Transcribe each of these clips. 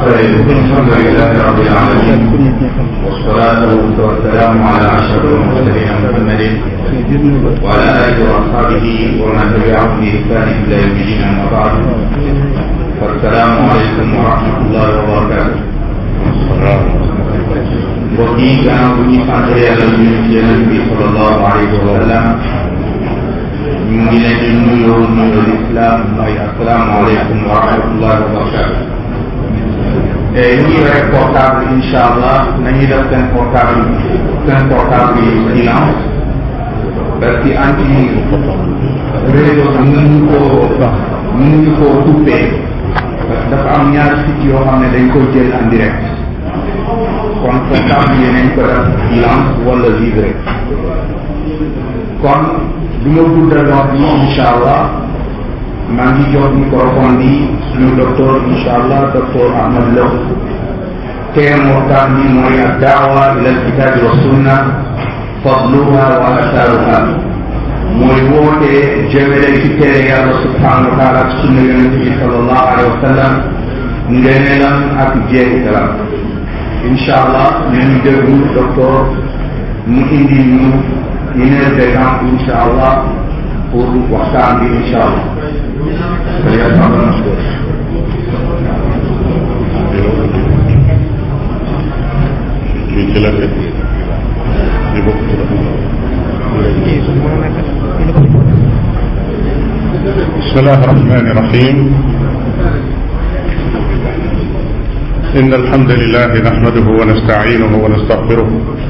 الحمد لله رب العالمين والصلاة والسلام على أشرف المرسلين محمد وعلى آله وأصحابه ومن تبعهم بإحسان إلى يوم الدين أما بعد والسلام عليكم ورحمة الله وبركاته mbokk yi gannaaw bu ñu sant yàlla ñu ci yonent bi sallallahu alayhi wa sallam ñu ngi leen di nuyoo nuyoo lislaam mooy assalaamu aleykum wa rahmatullahi wa barakatuh ñu eh, ngi portable incha allah nañuy def seen portable seen portable yi bilan parce que anti réseau mënuñu koo mënuñu koo tuppee parce dafa am ñaari sites yoo xam ne dañ koy jël en direct kon portable yi nañ ko def bilan wala livré kon du ma guddaloon bi incha maa ngi jox microphone bi suñu docteur incha allah docteur Ahmed Lo thème waxtaan bi mooy ak daawa ila alkitabi wa sunna fadluha wa asaaruha mooy woote jëmale ci tere yàlla subhanahu wa taala ak sunna yonente bi sallallahu alayhi wa sallam ngeneelam ak jeexitalam incha allah nañu déglu docteur mu indi ñu une heure de temps incha allah pour waxtaan bi incha allah. bismillahi rahmani rahim. inna alhamdulilah nahmaduhu wa nasta'inuhu wa nastaghfiruh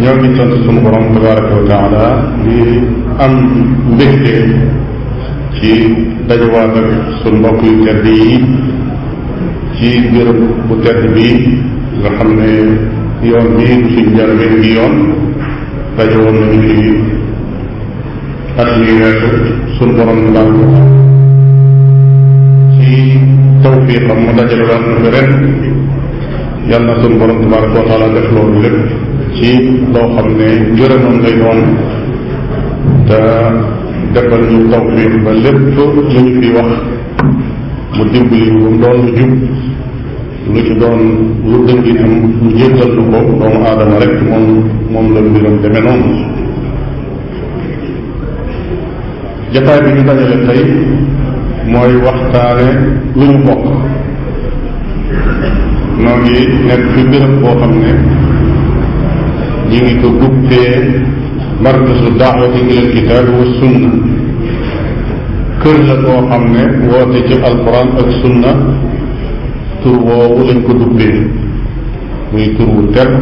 ñoo ngi sant sunu borom tabaraka wa taala di am mbégte ci dajawaat ak mbokk yu tedd yi ci bërëb bu bi nga xam ne yoon bii du suñ njëlbeen gi yoon dajawoon ci at yi weesu sunu borom daal ci tawfiqam mu dajale waat na fi ren yàlla na ci loo xam ne ngërëmam lay doon te defal ñu tawfiq ba lépp lu ñu fi wax mu dimbali ñu mu doon lu jub lu ci doon lu dëng itam ñu lu ko doomu aadama rek moom moom la mbiram demee noonu jataay bi ñu dajale tey mooy waxtaane lu ñu bokk noo ngi nekk fi béréb boo xam ne ñu ngi ko duppee markazu daawati ilal kitaab wa sunna kër la koo xam ne woote ci alquran ak sunna tur woowu lañ ko duppee muy tur wu tedd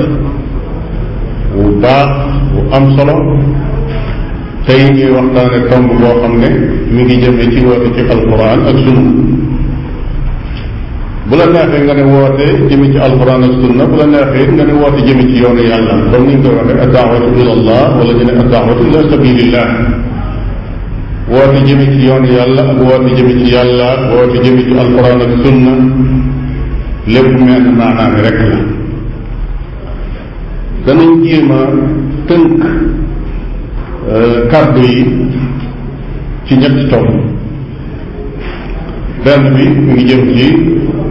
wu baax wu am solo tey ñuy waxtaane tomb boo xam mi ngi jëme ci woote ci alquran ak sunna bu la neexee nga ne woote jëme ci alquran ak sunna bu la neexee nga ne woote jëme ci yoonu yàlla comme ni ñu koy waxee addaawatu ila allah woote jëme ci yoonu yàlla ak woote jëme ci yàlla ak woote jëme ci alquran ak sunna lépp mel na maanaam rek la danañ jéem tënk euh, kàddu yi ci ñetti tomb benn bi mu ngi jëm ci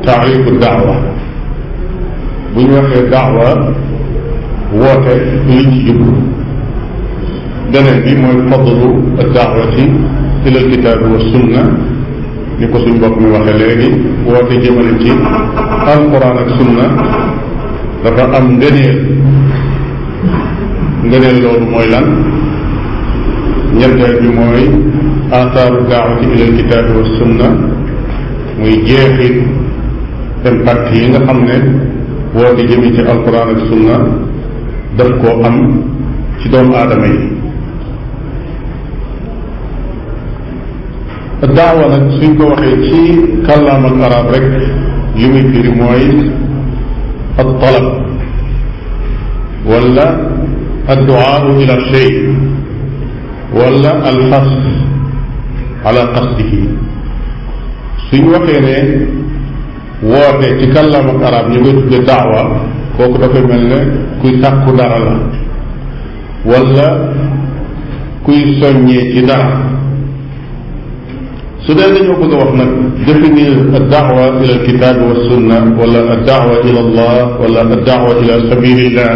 taarifu daawa bu ñu waxee daawa woote liñ ci jublu beneen bi mooy fadlu daawati ila kitaabi wa sunna ni ko suñ bopp mi waxee léegi woote jëmale ci alquran ak sunna dafa am ngëneel ngëneel loolu mooy lan ñetteel bi mooy aataaru daawati ila kitaabi wa sunna muy jeexit seen pàcc yi nga xam ne woote jëmi ci alquran ak sunna daf koo am ci doomu aadama yi daawa nag suñ ko waxee ci kàllaam ak arab rek li muy firi mooy al talab wala al duaa ila shay wala al xas ala qasdihi suñ waxee ne woote ci kàllaam ak arab ñu koy tudde daawa kooku dafay mel ne kuy sàkku dara la wala kuy soññee ci dara su dee dañoo bëgg a wax nag définir ad-da'wa ila al-kitab wa wala ad-da'wa ila Allah wala ad-da'wa ila sabilillah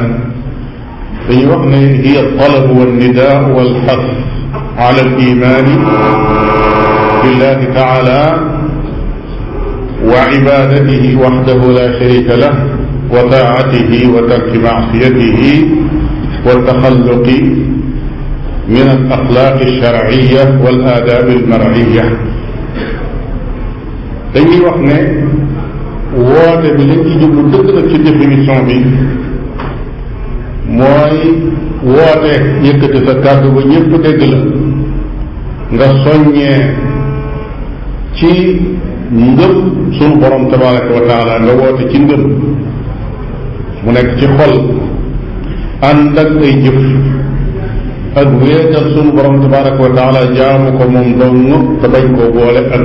talab wa an-nida' wal-hath ala al-iman billahi ta'ala wa cibaadatihi waxdahu la sharika lah wa taacatihi wa tarki macsiyatihi wa taxalluqi min al axlaaqi alsharciya wal aadaabi almarciya dañuy wax ne woote bi lañ ci jublu dëgg nag ci définition bi mooy woote yëkkati sa kàddu ba ñépp dégg la nga soññee ci ngëm sunu borom tabaraka wa taala nga ci ngëm mu nekk ci xol ànd ak ay jëf ak wéetal sunu borom tabaraka wa taala jaamu ko moom dong te bañ koo boole ak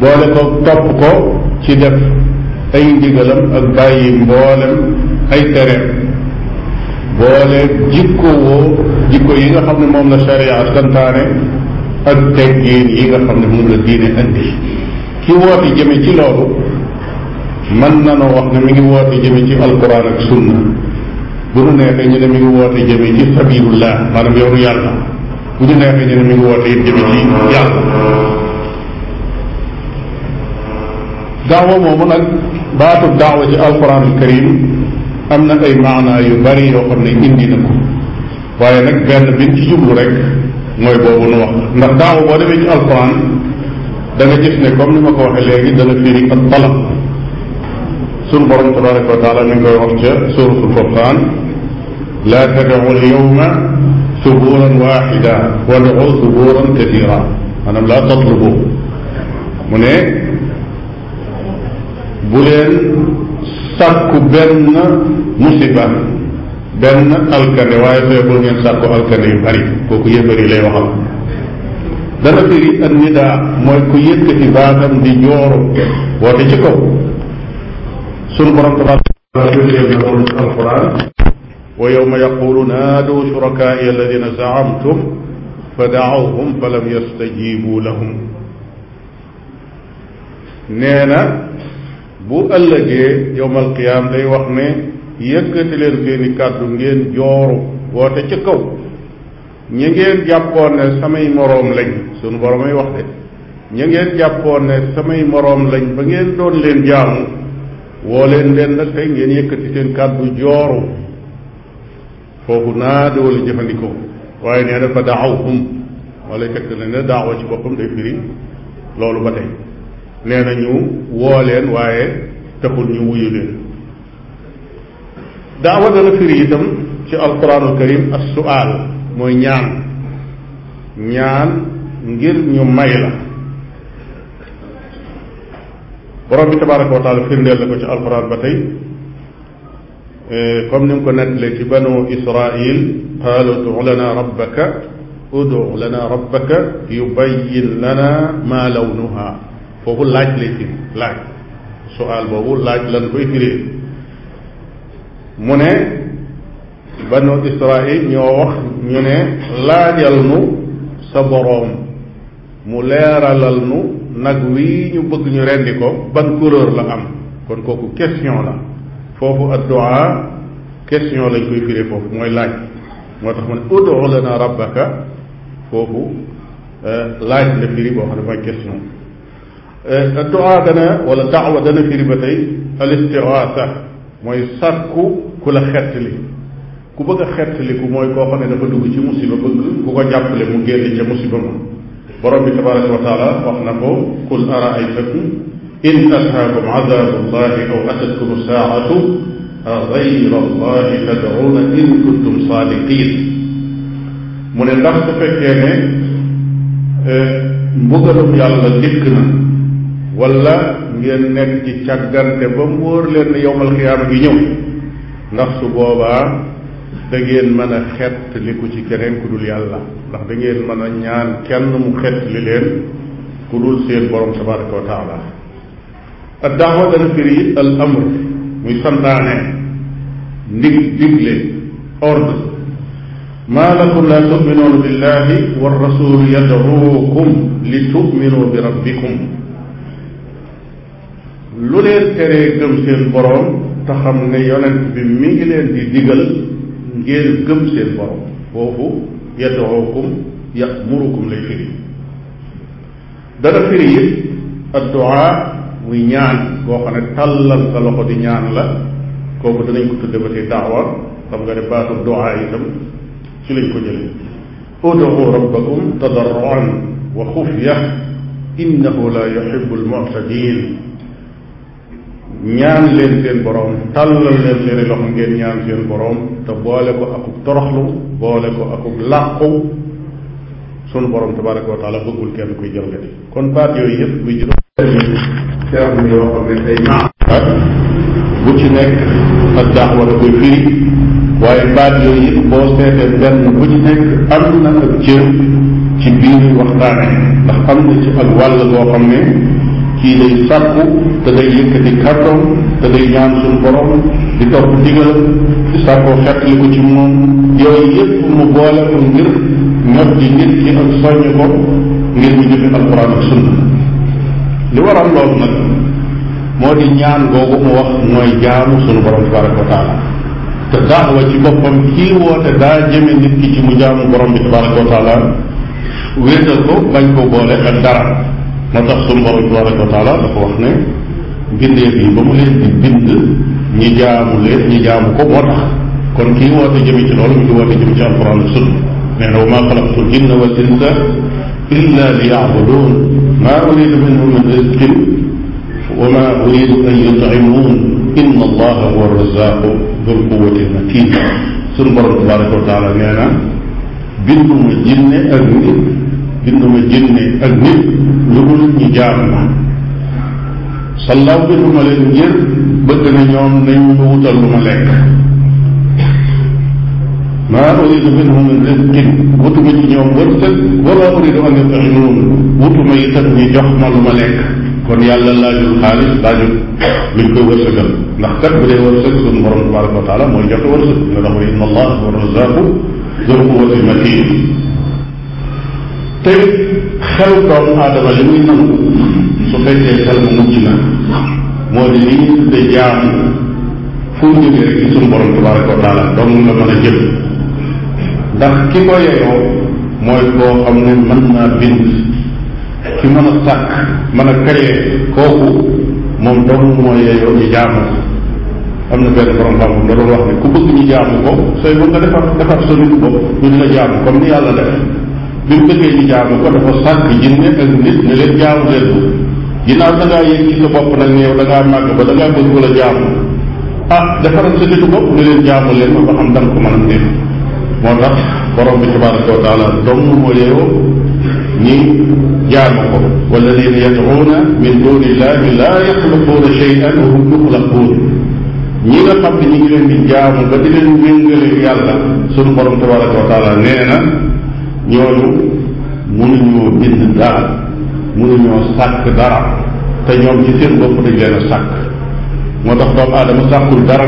boole ko topp ko ci def ay ndigalam ak bàyyi mboolem ay tereem boole jikko woo jikko yi nga xam ne moom la sharia santaane ak teggin yi nga xam ne la diine indi ki woote jëme ci loolu mën na noo wax ne mi ngi woote jëme ci alquran ak sunna bu nu neexee ñu ne mi ngi woote jëme ci sabilullah maanaam yoonu yàlla bu ñu neexee ñu ne mi ngi woote it jëme ci yàlla daawa moomu nag baatu daawa ci alquran al am na ay maanaa yu bari yoo xam ne indi na ko waaye nag benn bin ci rek mooy boobu nu wax ndax daaw boo demee ci alquran da nga gis ne comme ni ma ko waxee léegi dana firi ak talab sunu borom tabaraka wa taala mi ngi koy wax ca suratul furqan laa tad'u al-yawma thuburan wahida wad'u thuburan kathira maanaam laa tatlubu mu ne bu leen sàkku benn musiba benn alkande waaye feebul ngeen sàkku alkande yu bari kooku yéefar yi lay waxal dana firi an nidaa mooy ku yëkkati baatam di jooru woote ci kaw sunu borom tabaraka wa taala loolu ci alquran wa yowma yaqulu naadu shurakaai alladina zaamtum fa daawhum fa lam yastajibu lahum nee na bu ëllëgee yowma alqiyam day wax ne yëkkati leen seeni bu ngeen jooru woote ci kaw ñu ngeen jàppoon ne samay moroom lañ sunu boromay wax de ñi ngeen jàppoon ne samay moroom lañ ba ngeen doon leen jaamu woo leen leen nag tey ngeen yëkkati seen kàddu jooru foofu naa de jëfandikoo waaye nee na fa daawhum wala fekk na ne daawa ci boppam day firi loolu ba tey nee na ñu woo leen waaye taxul ñu wuyu leen daawa dana firi itam ci alquranul karim as sual mooy ñaan ñaan ngir ñu may la borom bi tabaraka wa taala firndeel na ko ci alquran ba tey eh, comme ni mu ko nettalee ci banu israil qaalu udu lana rabbaka udu lana rabbaka yubayin lana ma lawnuha foofu laaj lay firi laaj sual boobu laaj lan koy firee mu ne banu israil ñoo wax ñu ne laajal nu sa boroom mu leeralal nu nag wi ñu bëgg ñu rendi ko ban couleur la am kon kooku question la foofu addu'a question lañ koy firee foofu mooy laaj moo tax mu ne ud'u lana rabbaka foofu euh, laaj la firi boo xam ne mooy question euh, addu'a dana wala da'wa dana firi ba tey al mooy sàkku ku la xettali ku bëgg a xettaliku mooy koo xam ne dafa dugg ci musiba bëgg ku ko jàppale mu génn ca musiba ma borom bi tabaraka wa taala wax na ko qul araaytakum in ataakum adabu llahi aw atatkum saatu gayra allahi tad'una in kuntum saadiqin mu ne ndax su fekkee ne eh, mbugalum yàlla dikk na wala ngeen nekk ci càggante ba mu leen ne yowmal xiyaama gi ñëw ndax su boobaa da ngeen mën a xett li ku ci keneen ku dul yàlla ndax dangeen mën a ñaan kenn mu xett li leen ku dul seen borom tabaraka wa taala ad daawa dana firi al amr muy santaane ndig digle ordre maa lakum laa tuminuuna billahi wa rasulu yadruukum li tuminuu bi rabbikum lu leen teree gëm seen boroom te xam ne yonent bi mi ngi leen di digal ngeen gëm seen boroom foofu yadookum yamurukum lay firi dana firi it addu'a muy ñaan ko xam ne tàllal di ñaan la kooku danañ ko tudde ba tey daawa xam nga ne baatu du'a itam ci lañ ko jëlee ud'u rabbakum tadarruan wa xufya innahu la yuhibbu almu'tadin ñaan leen seen boroom tàllal leen seeni loxo ngeen ñaan seen boroom te boole ko akub toroxlu boole ko akub làqu sunu boroom tabaraka wa bëggul kenn kuy jalgati kon baat yooyu yëpp buy juróom bu ci nekk ak daax wala koy firi waaye baat yooyu boo seetee benn bu ci nekk am na ak cër ci biir waxtaane ndax am na ci ak wàll goo xam ne kii day sàkku te day yëkkati kàddoom te day ñaan suñu borom di topp ndigalam di sàkkoo xettali ko ci moom yooyu yëpp mu boole ko ngir ñot di ki ak soññ ko ngir mu jëfe alquran ak sunna li waral loolu nag moo di ñaan googu mu wax mooy jaamu suñu borom tabaraka wa te daawa ci boppam kii woote daa jëme nit ki ci mu jaamu borom bi tabaraka wa wéetal ko bañ ko boole ak dara moo tax suñu borom tabaraka wa taala dafa wax ne mbindeef yi ba mu leen di bind ñi jaamu leen ñi jaamu ko moo tax kon kii woote jëme ci loolu mi ngi woote jëme ci alquran ak sunna nee na wa ma xalaqtu jinna wal insa illa li yacbuduun maa uridu minhum min risqin wa ma uridu an yutcimuun inna allaha huwa razaqu dul quwati matin suñu borom tabaraka wa taala nee na binduma jinne ak nit binduma jinne ak nit lu dul ñu jaam ma sallaaw binduma leen ngir bëgg na ñoom nañu ma wutal lu ma lekk maa uridu minhum min rizqin wutuma ci ñoom wërsëg wala uridu an yut'imun wutuma itam ñu jox ma lu ma lekk kon yàlla laajul xaalis laajul luñ koy wërsëgal ndax kat bu dee wërsëg suñu borom tabaraka wa taala mooy joxe wërsëg nga tax inna allah wa razaqu dul quwati matin te xelu doomu aadama li muy nangu su fekkee xel mu mucc na moo di li ñu jaamu fu mu jógee borom tabaraka wa taala dong la mën a jëm ndax ki ko yeyoo mooy koo xam ne mën naa bind ki mën a sàkk mën a créer kooku moom dong moo yeyoo ñu jaamu am na benn borom xam-xam doon wax ne ku bëgg ñu jaamu ko sooy bëgg nga defar defar sa nit bopp ñu di jaamu comme ni yàlla def bi mu bëggee ñu jaamu ko dafa sàkk jinne ak nit ne leen jaamu leen ko da ngaa yëg ci bopp nag yow da ngaa màgg ba da ngaa a ko la jaamu ah defaral sa ma ba xam danga ko mën a def moo tax borom bi tabaraka wa taala dong moo yeewoo ñi jaamu ko walladina yad'una min dunillahi la yaxluquuna wa di jaamu ba di leen wéngale yàlla sunu borom tabaraka wa ñooñu mënuñoo bind dara mënuñoo sàkk dara te ñoom ci seen bopp dañ leen a sàkk moo tax doomu mu sàkkul dara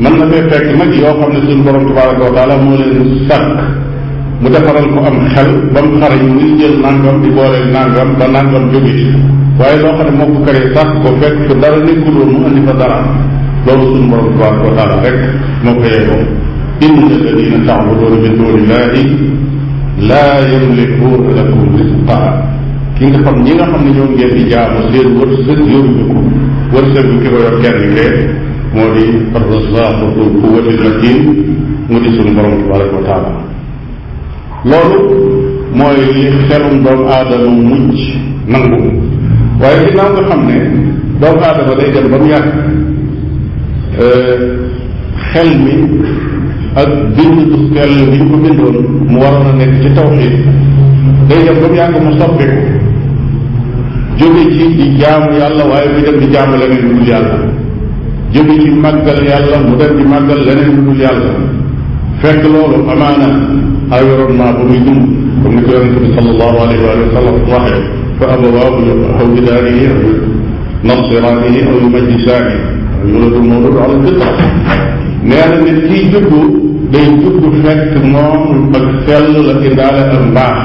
nag na fee fekk nag yoo xam ne suñu borom tabaraka wa taala moo leen sàkk mu defaral ko am xel ba mu ñu muy jël nangam di booleel nangam ba nangam jóge ci waaye loo xam ne moo ko karee sàkk ko fekk dara nekkul woon mu andi fa dara loolu suñu borom tabaraka wa taala rek moo ko yeggoo inna alladina taabuduuna min dunillahi laa yamlikuuna lakum risqa ki nga xam ñi nga xam ne ñoom ngeen di jaamu seen wërsëg yóbbu ko wërsëg bi ki ko yor kenn ke moo di arrazaaqu dul quwwatil matin mu di suñu borom tabaraka wa taala loolu mooy li xelum doomu aadama mujj nangu waaye ginnaaw nga xam ne doomu aadama day dem ba mu yàgg euh, xel mi ak bind sell bi ñu ko bindoon mu waroon a nekk ci tawxiid day dem ba mu yàgg mu soppeeku jóge ci di jaamu yàlla waaye mu dem di jaamu leneen lu dul yàlla jóge ci màggal yàlla mu dem di màggal leneen lu dul yàlla fekk loolu amaana environnement ba muy dund comme ni ko yonente bi sallallahu alayhi wa sallam waxee fa abawaahu aw bidaanihi aw nasiraanihi aw yumajjisaani yuladu mawlud ala fitra nee na nit kiy juddu day juddu fekk moom ak sell la indaale ak mbaax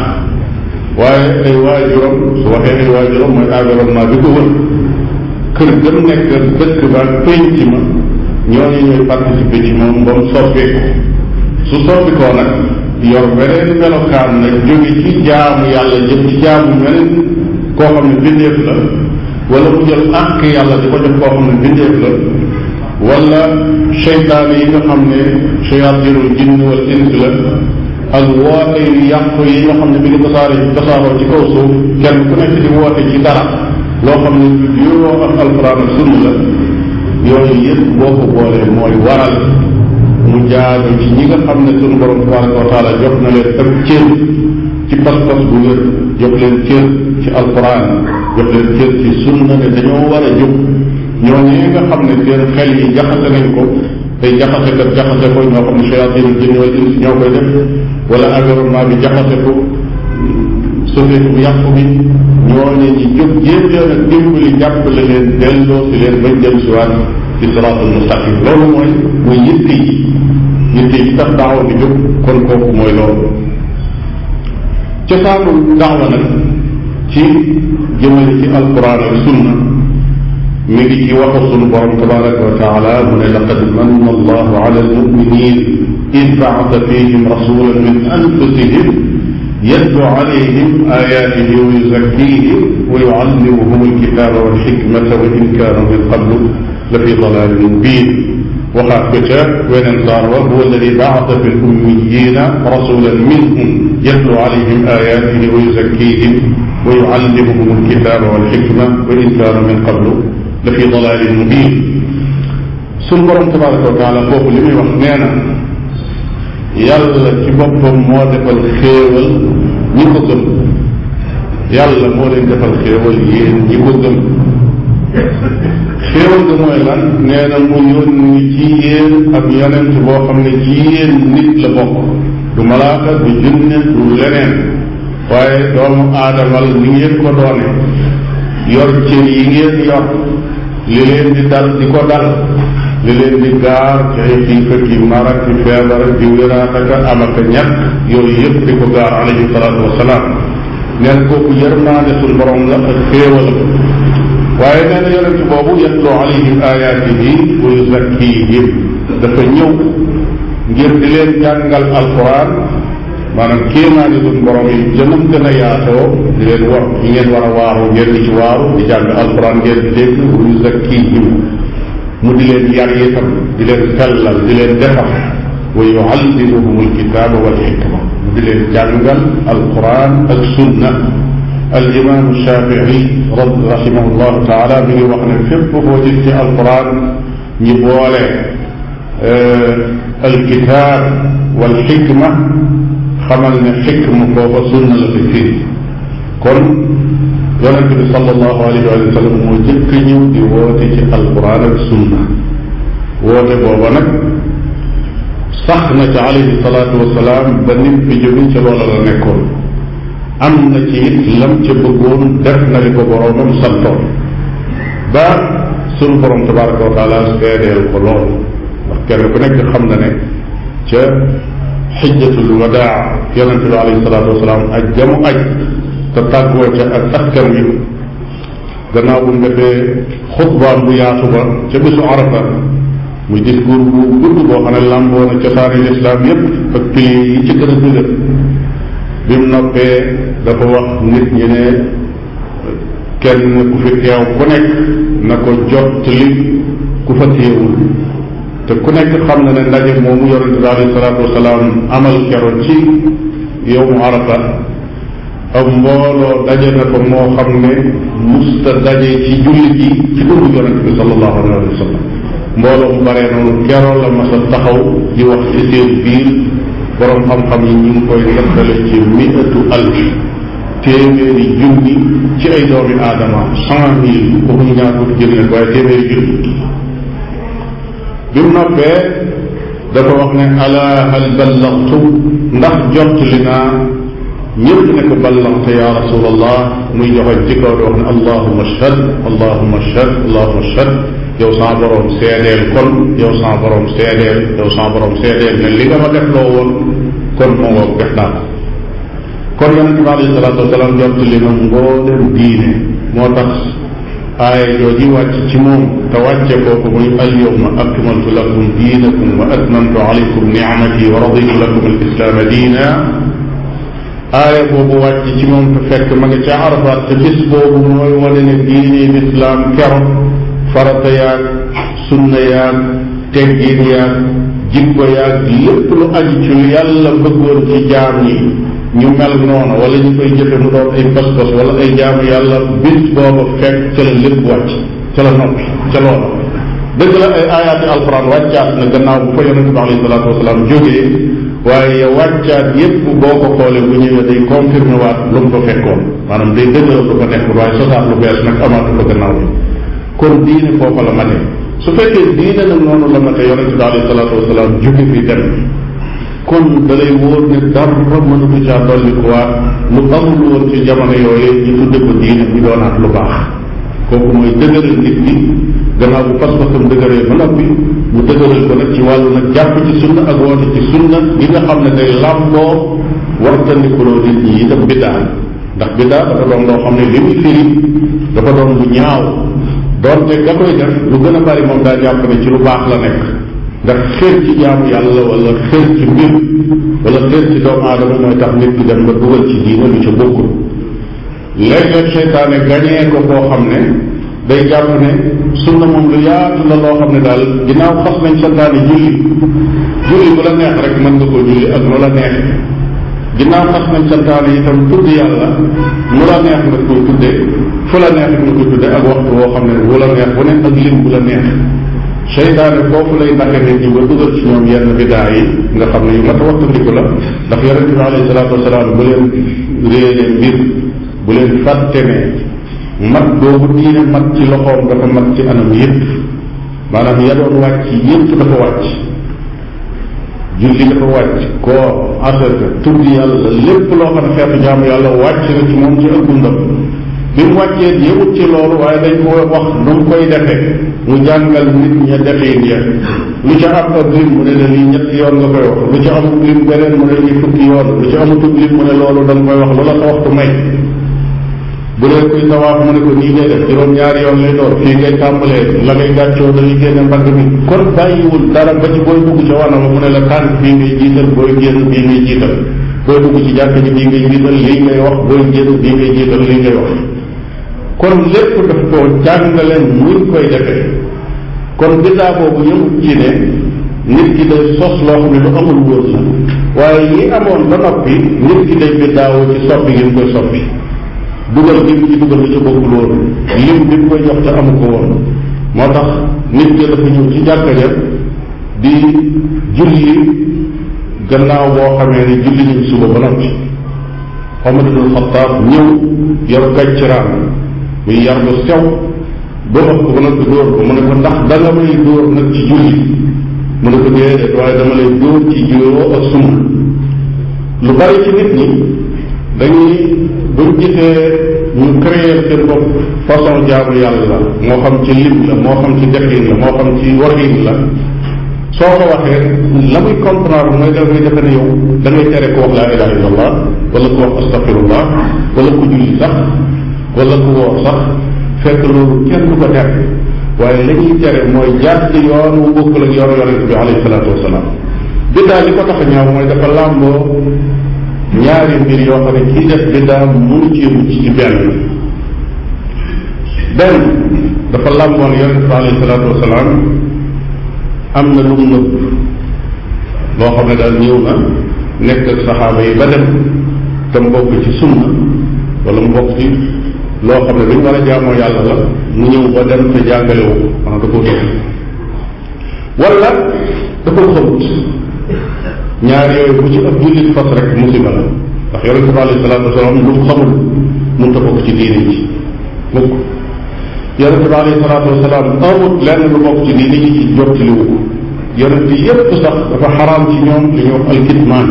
waaye ay waajuram su waxee ay waajuram mooy environnement bi ko wër kër gëm nekk dëkk ba penc ma ñooñu ñooy participer moom ba mu soppeeku su soppikoo nag yor beneen melokaan nag jóge ci jaamu yàlla jëm ci jaamu meneen koo xam ne bindeef la mu jël àq yàlla di ko jox koo xam ne bindeef wala seytaane yi nga xam ne sayaatinul jinni wal ins la ak woote yu yi nga xam ne bi ngi tasaare ci kaw suuf kenn ku nekk di woote ci dara loo xam ne du yóroo ak alquran ak sunna la boo ko boolee mooy waral mu jaadu ci ñi xam ne sunu borom tabaraka wa taala jox na leen ak cër ci pas-pas bu wér jox leen cër ci alquran jox leen cër ci sunna ne dañoo war a jóg ñooñee nga xam ne seen xel yi jaxase nañ ko tey jaxase kat jaxase ko ñoo xam ne shayatin jinni wal insi ñoo koy def wala environnement bi jaxase ko sofeeku bu yàqu bi ñooñe ñi jóg jéem leen ak dimbali jàppale leen delloo si leen bañ dem siwaat ci siraatul mustaqim loolu mooy muy yitte yi yitte yi tax daawa bi jóg kon kooku mooy loolu cosaanu daawa nag ci jëmale ci alquran ak sunna mi ngi ci waxu sunu borom tabaraka wa taala mu ne laqad manna allahu ala almuminin id baata fihim rasulan min anfusihim yatlu alayhim ayatihi wa yuzakkihim wa yuallimuhum alkitaba walxikmata wa in kaanu min qablu la fi dalalin mubin waxaat ko ca weneen saar wa huwa alladi baata fi lummiyina rasulan minhum yatlu alayhim ayatihi wa yuzakkihim wa yuallimuhum alkitaba walxikma wa in kaanu min qablu la fi dalaalin mubiin suñ borom tabaraka wa taala foofu li muy wax nee na yàlla ci boppam moo defal xéewal ñi ko gëm yàlla moo leen defal xéewal yéen ñi gëm xéewal ga mooy lan nee mu yónni ci yéen ab yonent boo xam ci yéen nit la bokk du malaaka du jinne du leneen waaye doomu aadamal ni ngeen ko doone yor cër yi li leen di dal di ko dal li leen di gaar ci ay xiifa ki marak ci feebar di wéraat ak am ak ñàkk yooyu yëpp di ko gaar alayhi salaatu wasalaam neen kooku yërmaande suñu borom la ak xéewalam waaye nee na yonent boobu yatlu alayhim ayaatihi wa yuzakkihim dafa ñëw ngir di leen jàngal alquran maanaam kéemaani suñu borom yi jënam gën a yaatoo di leen war ñi ngeen war a waaru ngeen di ci waaru di jàng alquran ngeen di dégg wa yuzakkihim mu di leen yar itam di leen sellal di leen defar wa yuallimuhum alkitaba wal xikma mu di leen jàngal alquran ak sunna al imam shafii rahimahullahu taala mi ngi wax ne fépp foo gis ci alquran ñi boole euh, alkitab wal xikma xamal ne xikk mu foofa sunna la fi firi kon yonent bi sallallahu alayhi wa sallam moo jëkk ñëw di woote ci alquran ak sunna woote booba nag sax na ci alayhi salaatu ba nim fi ca loola la nekkoon am na ci it lam ca bëggoon def na li ko boroomam santoon ba sunu borom tabaraka wa taala seedeel ko lool ndax kenn ku nekk xam na ne ca xijjatul wadaa yonente bi alayhi salaatu wasalaam aj aj te tàggoo ca ak askan wi gannaaw bu mu defee bu yaatu ba ca bisu arafa bu gudd boo xam ne làmboo na cosaani lislaam yépp ak pilier yi ci gën a dëgër bi mu noppee wax nit ñi kenn ku fi teew na ko jot li ku fa te ku nekk xam na ne ndaje moomu yonente bi alayhi salaatu wasalaam amal kero ci yowmu arafa am mbooloo daje na ko moo xam ne musta daje ci jullit yi ci dundu yonente bi sallallahu alayhi wa sallam mbooloo mu baree noonu kero la masa taxaw di wax ci seen biir borom xam-xam yi ñu koy nettale ci miatu alf téeméeri junni ci ay doomi aadama cent mille waxuñu ñaar fukki junni waaye téeméeri junni bi mu noppee dafa wax ne ala hal ballaxtu ndax jottali naa ñëpp ne ko ballaxta ya rasulallah muy joxoñ ci kaw di wax ne allahuma ashhad allahuma ashhad allahuma ashhad yow saa borom seedeel kon yow saa borom seedeel yow saa borom seedeel ne li nga ma def loo woon kon moo ngoog def naa ko kon yonente bi alayhi salaatu wasalaam jottali na mboolem diine moo tax aaya jooji wàcc ci moom te wàcce ko ko muy alyawma akmaltu lakum diinakum wa atmamtu alaykum nicmati wa raditu lakum alislaama diina aaya boobu wàcc ci moom te fekk ma nga ca Arafat te bis boobu mooy wane ne diine lislaam keroog farata yaag sunna yaag teggin yaag jikko yaag lépp lu aju ci yàlla bëggoon ci jaam yi ñu mel noonu wala ñu koy jëfe mu doon ay pas-pas wala ay jaamu yàlla bis booba fekk ca la lépp wàcc ca la noppi ca loolu dëgg la ay aayaati alquran wàccaat na gannaaw bu fa yonente ko xoolee bu ñëwee day confirmé waat lu mu ko fekkoon maanaam day dëggal lu ko nekkul waaye sosaat lu bees nag amaatu ko gannaaw bi kon diine foofa la ma su fekkee diine nag noonu la ma te yonente bi alayhi salaatu wasalaam jóge fi dem kon da lay wóor ne dara mënatu caa dollikuwaat lu amul woon ci jamono yooyu ñu tudde ko diine ñu doonaat lu baax kooku mooy dëgëral nit ki gannaaw bu pas-pasam dëgëree ba noppi mu dëgëral ko nag ci wàll nag jàpp ci sunna ak woote ci sunna gi nga xam ne day làmboo wartandikuloo nit ñi itam biddaa ndax biddaa dafa doon loo xam ne li muy dafa doon bu ñaaw doonte ga koy def lu gën a bari moom daa jàpp ne ci lu baax la nekk ndax xër ci jaamu yàlla wala xër ci mbir wala xër ci doomu aadama mooy tax nit ki dem ba dugal ci diina lu ca bokkul léeg-léeg gañee ko koo xam ne day jàpp ne sunna moom lu yaatu la loo xam ne daal ginnaaw fas nañ santaane julli julli bu la neex rek mën nga ko julli ak lu la neex ginnaaw fas nañ yi itam tudd yàlla mu la neex nga koy tuddee fu la neex nga koy tuddee ak waxtu woo xam ne wu la neex wu ne ak lim bu la neex seytaane foofu lay naxe nit ba dugal ci ñoom yenn bidaa yi nga xam ne yu mat a wattandiku la ndax yonent bi alayhi salaatu wasalaam bu leen réere mbir bu leen fàtte ne mat boobu diine mat ci loxoom dafa mat ci anam yépp maanaam ya wàcc yépp dafa wàcc julli dafa wàcc koor asaka tudd yàlla lépp loo xam xeetu jaamu yàlla wàcc na ci moom ci ak dundam bi mu wàccee yëwut ci loolu waaye dañ ko wax nu mu koy defee mu jàngal nit ña defin ya lu ca am ab lim mu ne la lii ñetti yoon nga koy wax lu ca amut lim beneen mu ne lii fukki yoon lu ca amutub lim mu ne loolu da nga koy wax lu la sa waxtu may bu dee kuy tawaaf mu ne ko nii ngay def juróom ñaari yoon lay doon fii ngay tàmbalee la ngay gàccoo dañuy génne mbagg mi kon bàyyiwul dara ba ci booy dugg ca wanama mu ne la tànk bii ngay jiital booy génn bii ngay jiital booy dugg ci jàkk ji bii ngay jiital lii ngay wax booy génn bii ngay jiital lii ngay wax kon lépp daf koo jàngale muy koy defee kon biddaa boobu yëmu ci ne nit ki day sos loo ne lu amul woon la waaye yi amoon ba noppi nit ki day biddaawoo ci soppi gi mu koy soppi dugal gi ci dugal lu ca bokkul woon lim bi mu koy jox te amu ko woon moo tax nit ki dafa ñëw ci jàkka ja di julli gannaaw boo xamee ne julli ñu suba ba noppi Omar ibn Xattaab ñëw yor gàcciraam muy yar lu sew ba wax ko mën a ko dóor ko mu ne ko ndax da may dóor nag ci julli mu ne ko déedéet waaye dama lay dóor ci juróo ak sunna lu bari ci nit ñi dañuy buñ gisee ñu créer seen bopp yàlla la moo xam ci lim la moo xam ci defin la moo xam ci waxin la soo ko waxee la muy comprendre mooy da ngay defe ko wax laa ilaha ko wax ko julli sax wala ku sax fekk loolu kenn du ko ter waaye la tere mooy jaar yoon wu bokkul ak yoonu yonente bi alayhi salaatu wasalaam biddaa li a ñaaw mooy dafa làmboo ñaari mbir yoo xam ne kii def biddaa mënu ci mucc ci benn benn dafa làmboon yonente bi alayhi salaatu wasalaam am na lu mu nëbb loo xam ne daal ñëw na nekk ak saxaaba yi ba dem te bokk ci sunna wala mu bokk ci loo xam ne lu ñu war a jaamoo yàlla la mu ñëw ba dem te jàngalewu ko maanaam da koo dégg wala da koo xamut ñaar yooyu bu ci ab jullit fas rek musiba la ndax yonente bi alayhi salaatu wasalaam lu xamul mënut a bokk ci diine ji mukk yonente bi alayhi salaatu wasalaam amut lenn lu bokk ci diine ji jottaliwu ko yonente yépp sax dafa xaraam ci ñoom li ñuy wax alkitmaan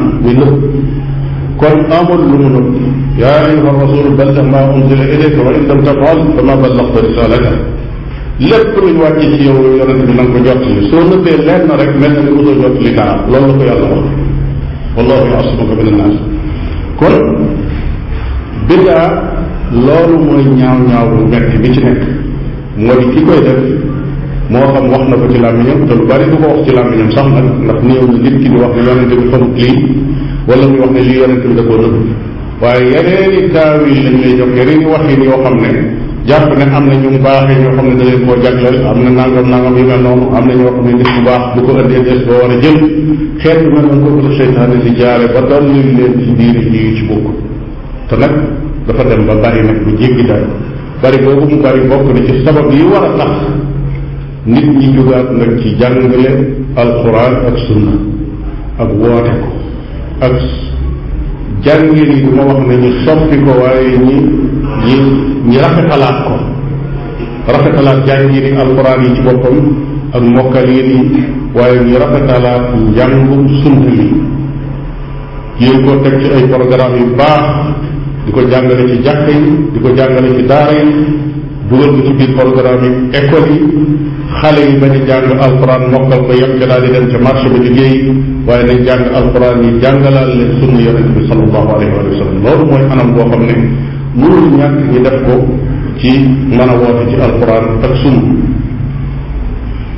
kon amul lu mu nëbb yaa ayuha rasul balligh ma unzila ilayka wa in lam tafal fama ballagta risalata lépp luñ wàcce ci yow yonent bi na nga ko jottali soo nëbbee leen na rek mel na nga mosoo jottali dara loolu la ko yàlla wax wallahu yasimuka min annaas kon bidaa loolu mooy ñaaw ñaaw bu metti bi ci nekk mooy ki koy def moo xam wax na ko ci làmmiñam te lu bari du ko wax ci làmmiñam sax nag ndax néew na nit ki di wax ne yonente bi xamut lii wala ñu wax ne lii yonente bi da koo nëbb waaye yeneen i taawil lañ lay jox yeneen i waxin yoo xam ne jàpp ne am na ñu baaxee ñoo xam ne da leen koo jagleel am na nangam nangam yu mel noonu am na ñoo xam ne nit bu baax bu ko indee des boo war a jël xeet bi mel noonu kooku la seytaane di jaare ba dal leen leen ci diine ji yu ci bokk te nag dafa dem ba bari nag bu jéggi daal bari boobu mu bari bokk na ci sabab yi war a tax nit ñi jugaat nag ci jàngale alquran ak sunna ak woote ko ak jàngir yi duma wax ne ñu soppi ko waaye ñi ñi ñi rafetalaat ko rafetalaat jàngir yi alxuraan yi ci boppam ak mokkal yi waaye ñi rafetalaat njàngum sunna yi yéen koo teg ci ay programme yu baax di ko jàngale ci jàkk yi di ko jàngale ci daara yi dugal ko ci biir programme yi école yi xale yi bañ a jàng alquran mokkal ko yem ca daal di dem ca marché ba liggéey waaye nañ jàng alquran yi jàngalaal leen sunna yonent bi sallallahu alayhi wa sallam loolu mooy anam boo xam ne mënul ñàkk ñu def ko ci mën a woote ci alquran ak sunna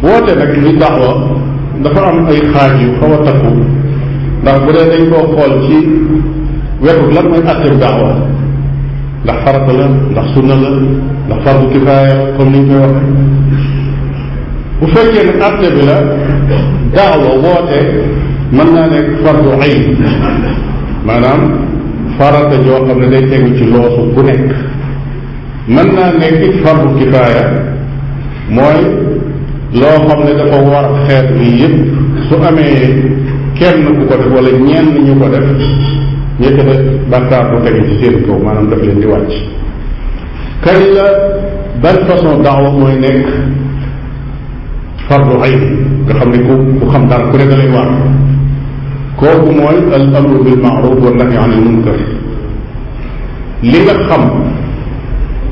woote nag li daawa dafa am ay xaaj yu xaw a takku ndax bu dee dañ koo ci wetu lan mooy atteb daawa ndax farata la ndax sunna la kifaaya comme ni ñu koy bu fekkee ne atte bi la daawa woote mën naa nekk fardu ayn maanaam farata joo xam ne day tegu ci loosu ku nekk mën naa nekk fardu kifaaya mooy loo xam ne dafa war xeet bi yëpp su amee kenn ku ko def wala ñenn ñu ko def ñëkk def bàkkaar bu tegu ci seen kaw maanaam daf leen di wàcc kari la ban façon daawa mooy nekk fardu ay nga xam ne ku ku xam dara ku ne da lay waar kooku mooy al amru bil maaruf wa nahi anil munkar li nga xam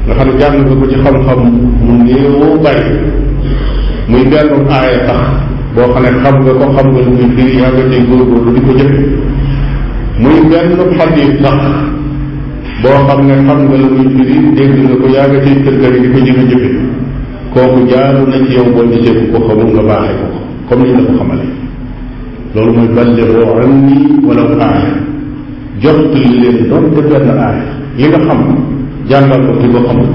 nga xam nga ko ci xam-xam mu néewoo bàyyi muy benn aaya tax boo xam ne nga ko xam nga lu muy firi yaa nga tey góorgóorlu di ko jëfe muy benn xadiis tax boo xam ne xam nga lu muy firi dégg nga ko yaa nga tey tëggari di ko jëfe kooku jaaru na ci yow boo gisee ku ko xamul nga baaxee ko comme niñ la ko xamale loolu mooy balligoo anni walaw aaya jot li leen doon te benn aaya li nga xam jàngal ko ki ko xamut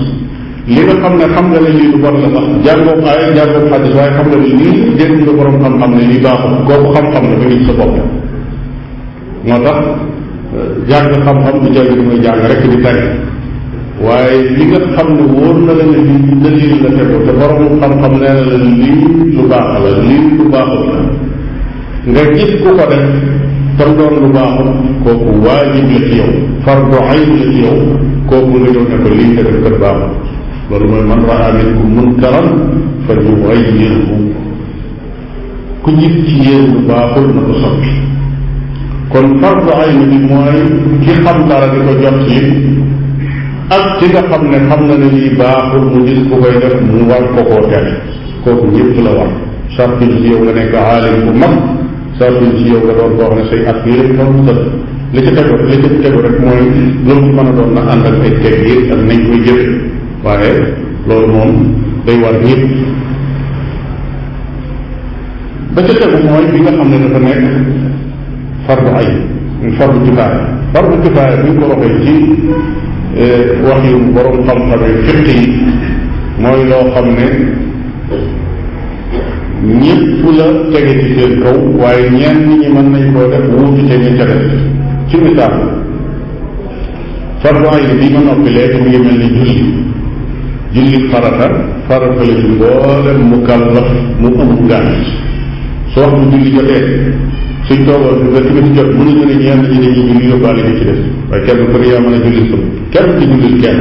li nga xam ne xam ne la sax jàngoo aaya jàngoo xaddis xam nga ne lii dégg borom xam-xam ne lii baaxul kooku xam-xam la ba ngi sa bopp moo tax jàng xam-xam du jàng mooy jàng rek di tàgg waaye li nga xam ne la ne li ci la tegu te borom xam-xam nee na la lii lu baax la lii lu baaxul la nga gis ku ko def tam doon lu baaxul kooku waajib la ci yow fardu ayn la ci yow kooku nga ñëw ko lii nga def kat baaxul loolu mooy man raa minkum munkaran fa yugayyirhu ku gis ci yéen lu baaxul na ko soppi kon fardu ayn bi mooy ki xam dara di ko jot ci ak ki nga xam ne xam na ne lii baaxul mu gis ku koy def mu war ko koo tere kooku ñëpp la war sartul ci yow nga nekk aalim bu mag sartul ci yow nga doon koo xam ne say at yëpp noonu li ci tegu li mooy loolu ci mën a doon na ànd ak ay teg yi ak nañ koy jëf waaye loolu moom day war ñëpp ba ca tegu mooy bi nga xam ne dafa nekk fardu ay fardu kifaaya fardu kifaaya bu ñu ko waxee ci Eh, wax yu borom xam-xam yi mooy loo xam ne ñépp la tege ci seen kaw waaye ñenn ñi mën nañ koo def wuutu ca ñu tege ci misaal fardu ayn bi ma noppi léegi mu ngi mel ni julli julli farata farata la ci mboolem mu kàllaf mu ëmb gànt su waxtu julli jotee suñ toogoon fi ba timis jot mënuñu ne ñenn ñi dañuy julli yóbbaale ñu ci des waaye kenn ku yaa mën a julli sum kenn di jullil kenn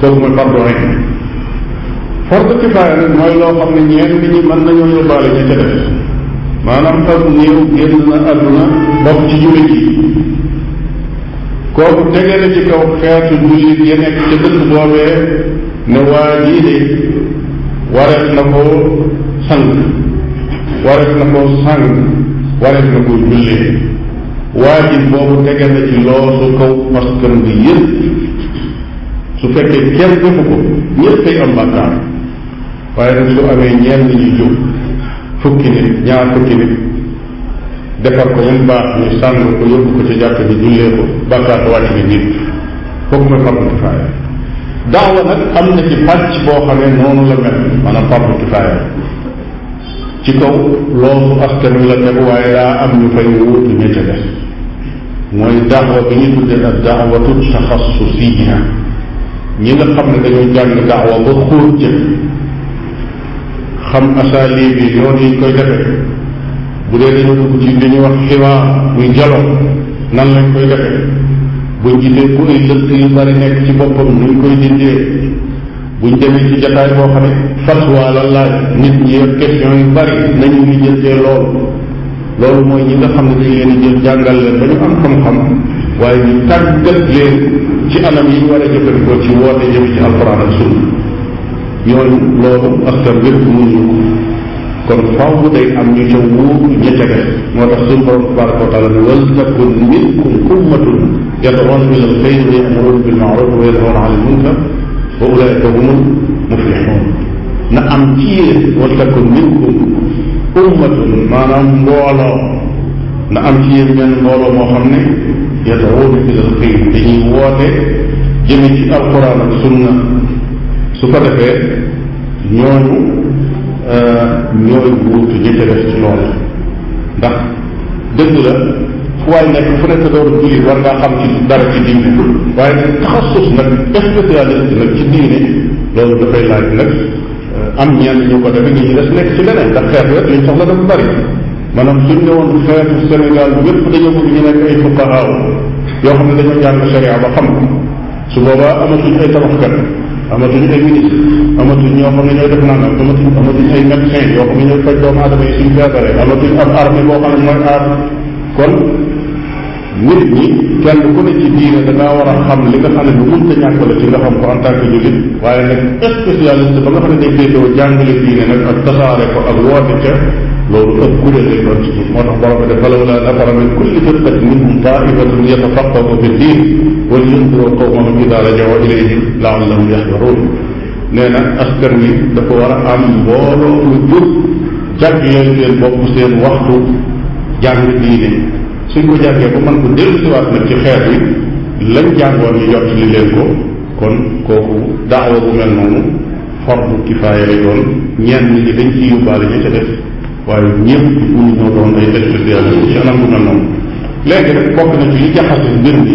kooku mooy fardu ayn mooy loo xam ne ñenn ñi mën nañoo yóbbaale ñu ca des maanaam ak néew génn na àdduna bokk ci julli ji kooku tege na ci kaw xeetu jullit ya nekk ca dëkk boobee ne waa jii de warees na koo sang warees na koo sang wareef na ko jullee waajib boobu tege na ci loosu kaw askan bi yëpp su fekkee kenn defu ko ñëppay am bàkkaar waaye nag su amee ñenn ñu jóg fukki nit ñaar fukki nit defar ko yéen baax ñu sànn ko yóbbu ko ci jàkk bi jullee ko bàkkaar ko wàcc nit kooku mooy fardu kifaaya daawa nag am na ci pàcc boo xamee noonu la mel maanaam fardu kifaaya ci kaw loolu askanu la teg waaye daa am ñu fay wuutu ñu ca def mooy daawa bi ñu tuddee ak daawatu taxassusiya ñi nga xam ne dañu jàng daawa ba xóot ca xam asaali bi yoon yi ñu koy defee bu dee dañu dugg ci li wax xiwaa muy dialogue nan lañ koy defee buñ gisee bu ay dëkk yu bari nekk ci boppam nuñ koy dindee buñ demee ci jataay boo xam fatwa la laaj nit ñi yor question yu bari nañu lijjantee loolu loolu mooy ñi nga xam ne dañ leen jël jàngal leen ba ñu am xam-xam waaye ñu tàggat leen ci anam yi ñu war a jëfandikoo ci woote jëme ci alquran ak sunna ñooñu loolu askan bépp mënuñu ko kon faww day am ñu ca wuutu ña ca def moo tax suñu borom tabaraka wa taala ne wal takun minkum ummatun yad'una ila alxayri wa ya'muruna bil ma'ruf wa yanhawna 'anil munkar wa ulaika humul muflihun na am ci yéen wal takun minkum ummatun maanaam mbooloo na am ci yéen benn mbooloo moo xam ne yatawuna ilal xayr dañuy woote jëme ci alquran ak sunna su ko defee ñooñu euh, ñooy wuutu ñi ca ci loolu ndax dëgg la fu waay nekk fu nekk door julli war ngaa xam ci dara ci diine waaye nag taxasus nag spécialiste nag ci diine loolu dafay laaj nag am ñenn ñu ko defee ñi a nekk ci leneen ndax xeet rek liñ soxla dafa bari maanaam suñ ne woon xeetu Sénégal wépp dañoo bëgg ñu nekk ay fuqahaa yoo xam ne dañoo a sharia ba xam ko su boobaa amatuñ ay tabaxkat ay ministre amatuñ ñoo xam ne ñooy def naan amatuñ amatuñ ay yoo xam ne ñooy faj doomu aadama yi suñ feebaree amatuñ ab armée boo xam ne mooy aar kon nit ñi kenn ku ne ci diine da ngaa war a xam li nga xam ne lu mënta ñàkk la ci nga xam ko en tant que jullit waaye nag spécialiste ba nga xam ne dañ koy doo jàngale diine nag ak tasaare ko ak woote ca loolu ak kuréel lay doon ci moo tax borom bi falaw laa nafara min kulli firqatin minhum taifatun yatafaqqahu fi diin wa liyundiro qawmahum ida rajaw ilayhim laallahum yaxdaruun nee na askan wi dafa war a am mbooloo mu jub jàgg yooyu leen bopp seen waxtu jàng diine suñ ko jàngee ba mën ko dellusiwaat nag ci xeet yi lañ jàngoon ñu jot li leen ko kon kooku daawa bu mel noonu fardu kifaaya lay doon ñenn ñi dañ ci yóbbaale ña ca def waaye ñëpp ñu ñoo doon ay spécialistes ci anam bu mel noonu léegi rek bokk na ci li jaxase mbir mi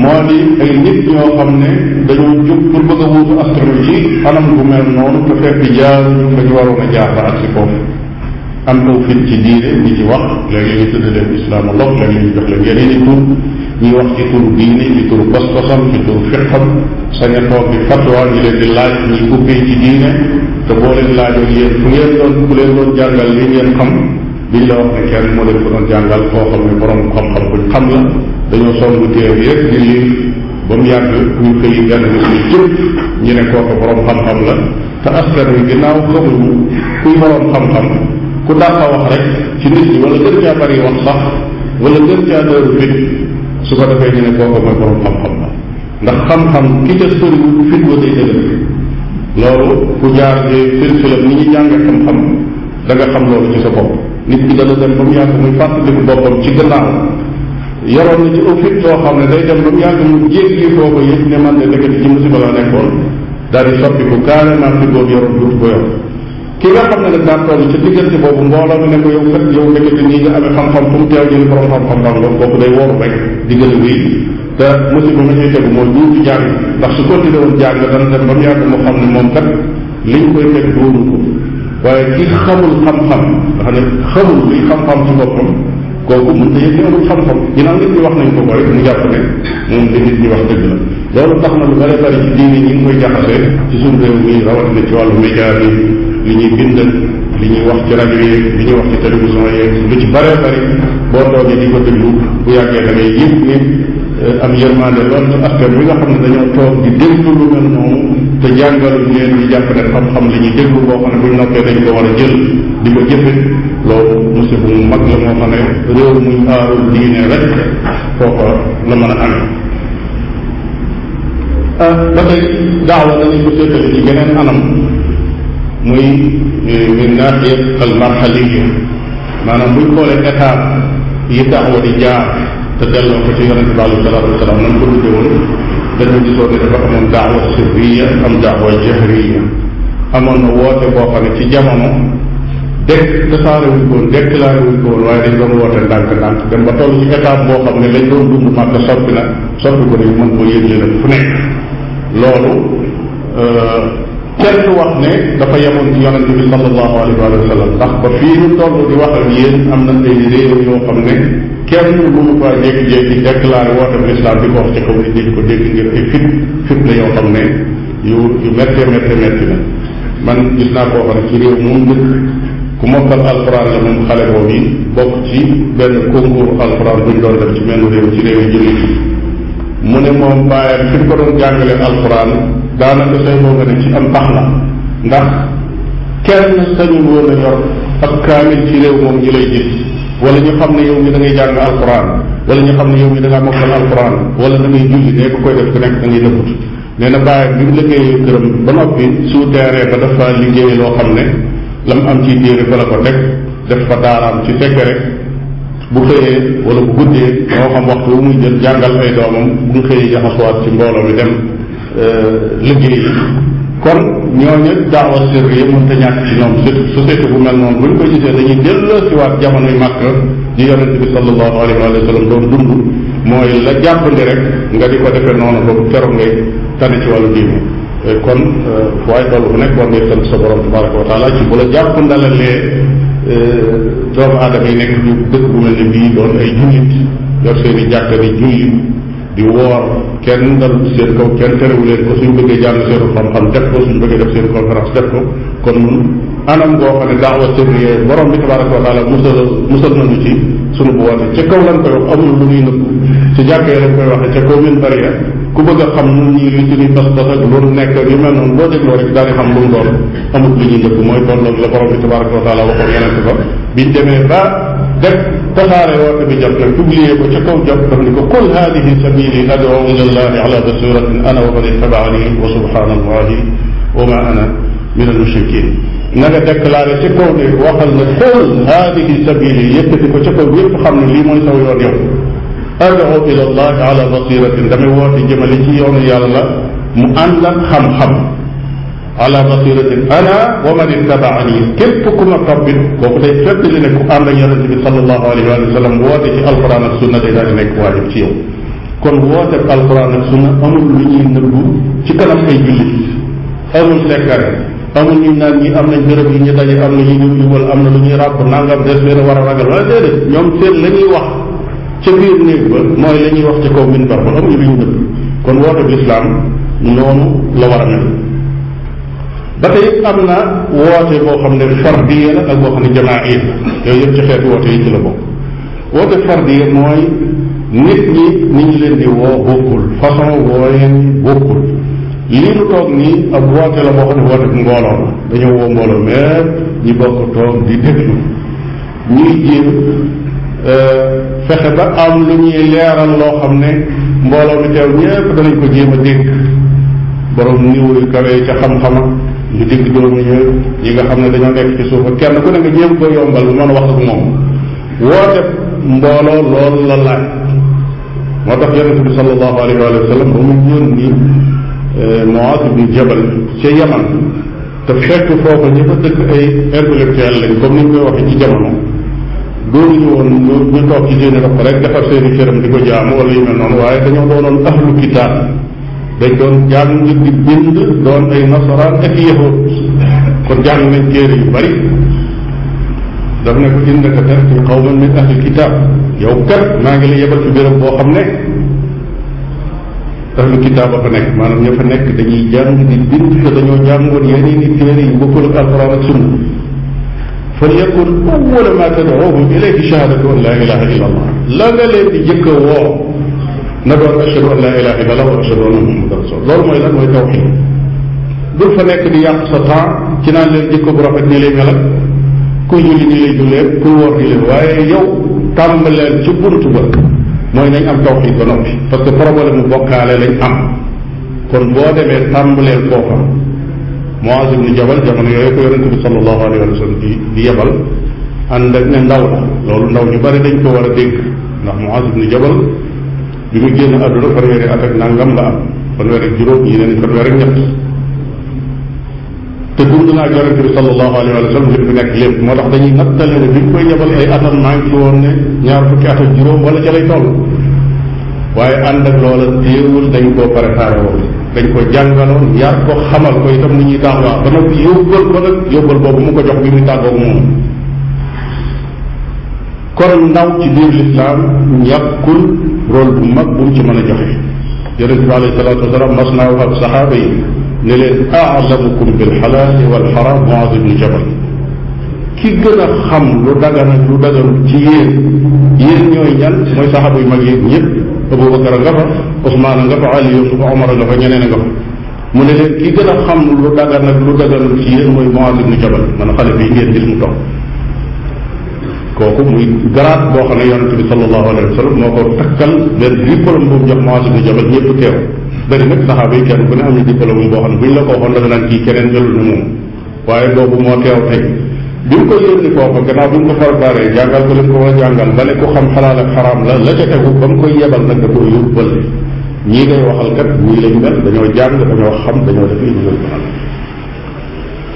moo di ay nit ñoo xam ne dañoo jóg pour bëgg a wuutu astronomie anam bu mel noonu te fekk jaar ñu fa ñu waroon a jaar ba ak si foofu am aw fit ci diine di ci wax léeg-léeg ñu tudde leen islamologue léeg-léeg ñu jox leen yeneen i tur ñuy wax ci turu diine ci turu pas-pasam ci turu fiqam sañ a toog di fatwa ñu leen di laaj ñuy ci diine te boo leen laajoon ku leen doon jàngal li ngeen xam biñ la wax ne kenn moo leen ko doon jàngal koo xam ne borom xam-xam buñ xam la dañoo songu téere yëpp di lii ba mu yàgg ñu xëy benn nit ñu jëpp ñu ne kooku borom xam-xam la te askan wi ginnaaw a kuy borom ku dàqa wax rek ci nit ñi wala gën caa bari wax sax wala gën caa dooru fit su ko defee ñu ne kooku mooy borom xam-xam la ndax xam-xam ki ca soriwul fit wa day dëgër loolu ku jaar ci curriculum ni ñu jànge xam-xam da nga xam loolu ci sa bopp nit ki dana dem ba mu yàgg muy fàttaliku boppam ci gannaaw yaroon na ci aw fit soo xam ne day dem ba mu yàgg mu jéggi foofu yëpp ne man de dëkk ci musiba la nekkoon daal di soppi ko carrément fi boobu yaroon ki nga xam ne nag daan toll ci diggante boobu mbooloo mi ne ko yow kat yow ndekete nii nga xam-xam fu mu teew ñu ne borom xam-xam daan loolu kooku day wooru rek diggante bi te musiba ma ñuy tegu mooy duutu jàng ndax su continué woon jàng dana dem ba mu yàgg mu xam ne moom kat liñ koy teg doonu ko waaye ki xamul xam-xam nga xam ne xamul luy xam-xam ci na xam-xam ginnaaw nit ñi wax nañ ko ko rek mu jàpp ne moom li nit ñi wax dëgg la loolu tax na lu bare bari ci diine ñi bi li ñuy bind li ñuy wax ci rajo yeeg li ñuy wax ci télévision yeeg lu ci bare bari boo toogee di ko déglu bu yàggee da ngay ni euh, am yërmande lool ci askan wi nga xam ne dañoo toog di déglu lu mel noonu te jàngaluñ leen ñu jàpp xam-xam li ñuy boo xam ne buñ noppee dañ ko war a jël di ko jëfe loolu musiba mu mag la moo xam ne réew muy aarul diine rek foofa la mën a amee ah, ba tey daawa dañuy ko séetale ci geneen anam muy min naaxiya al marxaliya maanaam buñ xoolee étape yi taxaw di jaar te delloo ko ci yonente bi alayhi salaatu wasalaam nan ko tudde woon dañu gisoon ne dafa amoon daawa sirriya am daawa jahriya amoon na woote boo xam ne ci jamono dekk tasaare wuñ ko woon déclaré wuñ ko woon waaye dañ doon woote ndànk-ndànk dem ba toll ci étape boo xam ne lañ doon dund màkk soppi na soppi ko nañu mën koo yëgle nag fu nekk loolu euh, kenn wax ne dafa yemoon ci yonente bi sallallahu alayhi wa sallam ndax ba fii ñu toll di wax ak yéen am na ay réew yoo xam ne kenn mënu faa jékki ko wax ci kaw nit ñi ko dégg ngir ay fit fit la yoo xam ne yu yu méttee méttee métti na man gis naa koo xam ne ci réew moom dëkk ku mokkal alxuraan la moom xale boobu yi bokk ci benn concours alxuraan bu ñu doon def ci benn réew ci réew yi jullit mu ne moom bàyyam fi mu ko doon jàngalee alxuraan daanaka say boo nga ne ci am pax na ndax kenn sañul woon a yor ab kaamil ci réew moom ñi lay gis wala ñu xam ne yow mi da ngay jàng alquran wala ñu xam ne yow mi da ngaa mokkal alquran wala da ngay julli ne ko koy def ku nekk da ngay dëkkut nee bàyyi bi mu liggéeyee këram ba noppi su teeree ba dafa liggéey loo xam ne la mu am ci téere fa la ko teg def fa daaraam ci tekk rek bu xëyee wala bu guddee moo xam waxtu bu muy jël jàngal ay doomam bu ñu xëyee ci mbooloo mi dem Euh, liggéey kon ñooñu daawa sirriya mënta ñàkk ci ñoom surtout société bu mel noonu bu ñu ko gisee dañuy delloo si waat jamonoy màkk ji yonent bi sallallahu alayhi wa sallam doon dund mooy la jàppandi rek nga di ko defee noonu boobu keroog ngay tane ci wàllu diine euh, euh, bu nekk war ngay sant sa borom tabaraka wa taala ci bu la jàpp ndalalee doomu aadama yi nekk ñu dëkk bu mel ne bii doon ay jullit yor seen jàkka di julli di woor kenn dal seen kaw kenn terewu leen ko suñ bëggee jàng seen xam-xam anam goo xam ne daawa sirriye borom bi tabaraka wa taala musal musal nañu ci sunu bu woote ca kaw lan koy wax amul lu ñuy nëbb ci jàkkee lañ koy waxe ca kaw min bari ku bëgg a xam nu ñi li suñuy bas bas ak loolu nekk yu mel noonu boo dégloo rek daal di xam lu mu doon amul lu ñuy mooy doon la borom bi tabaraka wa taala waxoon yeneen ba biñ demee def tasaare woote bi jot nag publier ko ca kaw jot daf ni ko qul hadihi sabili adu ila allahi ala basiratin ana wa man ittabaani wa subhana allahi wa ma ana min al mushrikin na nga déclaré ca kaw ne waxal na qul hadihi sabili yëkkati ko ca kaw yëpp xam ne lii mooy saw yoon yow adu ila allahi ala basiratin damay woote jëmale ci yoonu yàlla mu ànd ak xam-xam ala basiratin ana wa man ittabaani képp ku ma toppit kooku day feddali ne ku ànd ak wa sallam woote ci alquran ak sunna day daal di nekk ci yow kon woote alquran ak sunna amul lu ñuy nëbbu ci kanam ay jullit amul sekkare amul ñu naan ñi am nañ béréb yi ñu daje am na ñu yubal am na lu ñuy ràpp nangam des leen war a ragal wala déedéet ñoom seen la ñuy wax ca biir néeg ba mooy la ñuy wax ci kaw minbar ba amuñu lu ñu nëbbu kon woote bi islam noonu la war a mel ba tey am na woote boo xam ne fardiya la ak boo xam ne jamaa'iya la yooyu yëpp ci xeetu woote yi ci la bokk woote fardiya mooy nit ñi ni ñu leen di woo bokkul façon wooyeen yi bokkul lii nu toog nii ak woote la boo xam ne woote bu mbooloo la dañoo mbooloo mais ñi bokk toog di déglu ñuy jéem euh, fexe ba am lu ñuy leeral loo xam ne mbooloo mi teew ñépp danañ ko jéem a dégg borom niveau yu kawe ca xam-xama ñu digg doomu ñëw nga xam ne dañoo nekk ci suufa kenn ku ne nga jéem ko yombal bu mën a moom woote mbooloo loolu la laaj moo tax yonente bi sallallahu alayhi wa sallam ba mu yónni eh, ibn Jabal ca Yaman te fekk foofa ñi fa dëkk ay intellectuel lañ comme ni ñu koy waxee ci jamono doonuñu woon ñu toog ci seeni roq rek defar seeni këram di ko jaamu wala yu mel noonu waaye dañoo doonoon ahlu kitaab dañ doon jàng di bind doon ay nasaraan ak yahud kon jàng nañ téere yu bari daf ne ko innaka tarti qawman min ahli kitab yow kat maa ngi la yebal ci béréb boo xam ne ahlu kitaab a fa nekk maanaam ña fa nekk dañuy jàng di bind te dañoo jàngoon yeneen i téere yu bokkul ak alquran ak sunna fal yakun awwala ma tad'uhum ilayhi shahadatu an la ilaha illa allah la nga leen di jëkk woo na doon ashhadu an la ilaha illallah wa ashhadu anna muhammadan rasul loolu fa nekk di yàq sa ci naan leen jikko bu rafet nii lay mel ak kuy julli nii lay jullee kuy woor nii lay waaye yow tàmbaleel ci buntu ba mooy nañ am tawxid ba noppi parce que problème mu bokkaale lañ am kon boo demee tàmbaleel foofa Muaz ibn Jabal jamono yooyu ko yonente bi sallallahu alayhi wa sallam di di yebal ànd ak ne ndaw la loolu ñu bari dañ ko war a dégg ndax Muaz ibn Jabal bi muy génn àdduna fanweeri at ak nangam la am fanweer ak juróom ñi neen fanweer ak ñett te dund naa yonente bi sallallahu alayhi wa sallam li fi nekk lépp moo tax dañuy nattale ne bi ñu koy yebal ay atam maa woon ñaar fukki at ak juróom wala ca lay toll waaye ànd loola téewul dañ ko préparé woon dañ ko jàngaloon yar ko xamal ko itam ni ñuy tàmbaa ba nag yóbbal ko nag yóbbal boobu mu ko jox bi muy tàggoog moom kon ndaw ci biir lislaam ñàkkul rôle bu mag bu mu ci mën a joxe yonente bi alayhi salaatu wasalaam mas naa wax ak saxaaba yi ne leen aalamukum bil xalaali wal xaraam Muaaz ibnu Jabal ki gën a xam lu dagan ak lu daganul ci yéen yéen ñooy mooy saxaaba yu mag yéen ñëpp Abubakar a nga fa a nga fa Ali Yusuf Omar a a nga fa mu ne leen ki gën a xam lu dagan ak lu daganul ci yéen mooy Muaaz ibnu Jabal man xale bii ngeen gis mu toog kooku muy garaat boo xam ne yonente bi sallallahu alayhi wa sallam moo ko takkal benn diplôme bu mu jox Muaz ibn Jabal ñëpp teew dari nag saxaaba yi kenn ku na diplôme boo xam ne buñ la ko waxoon da nga naan kii keneen melul ni moom waaye boobu moo teew tey bi mu ko yónni foofa gannaaw bi mu ko préparé jàngal ko ko war a jàngal ba ne ku la la ca tegu ba mu koy yebal ko ñii ngay waxal kat ñii lañ mel dañoo jàng dañoo xam dañoo def li ñu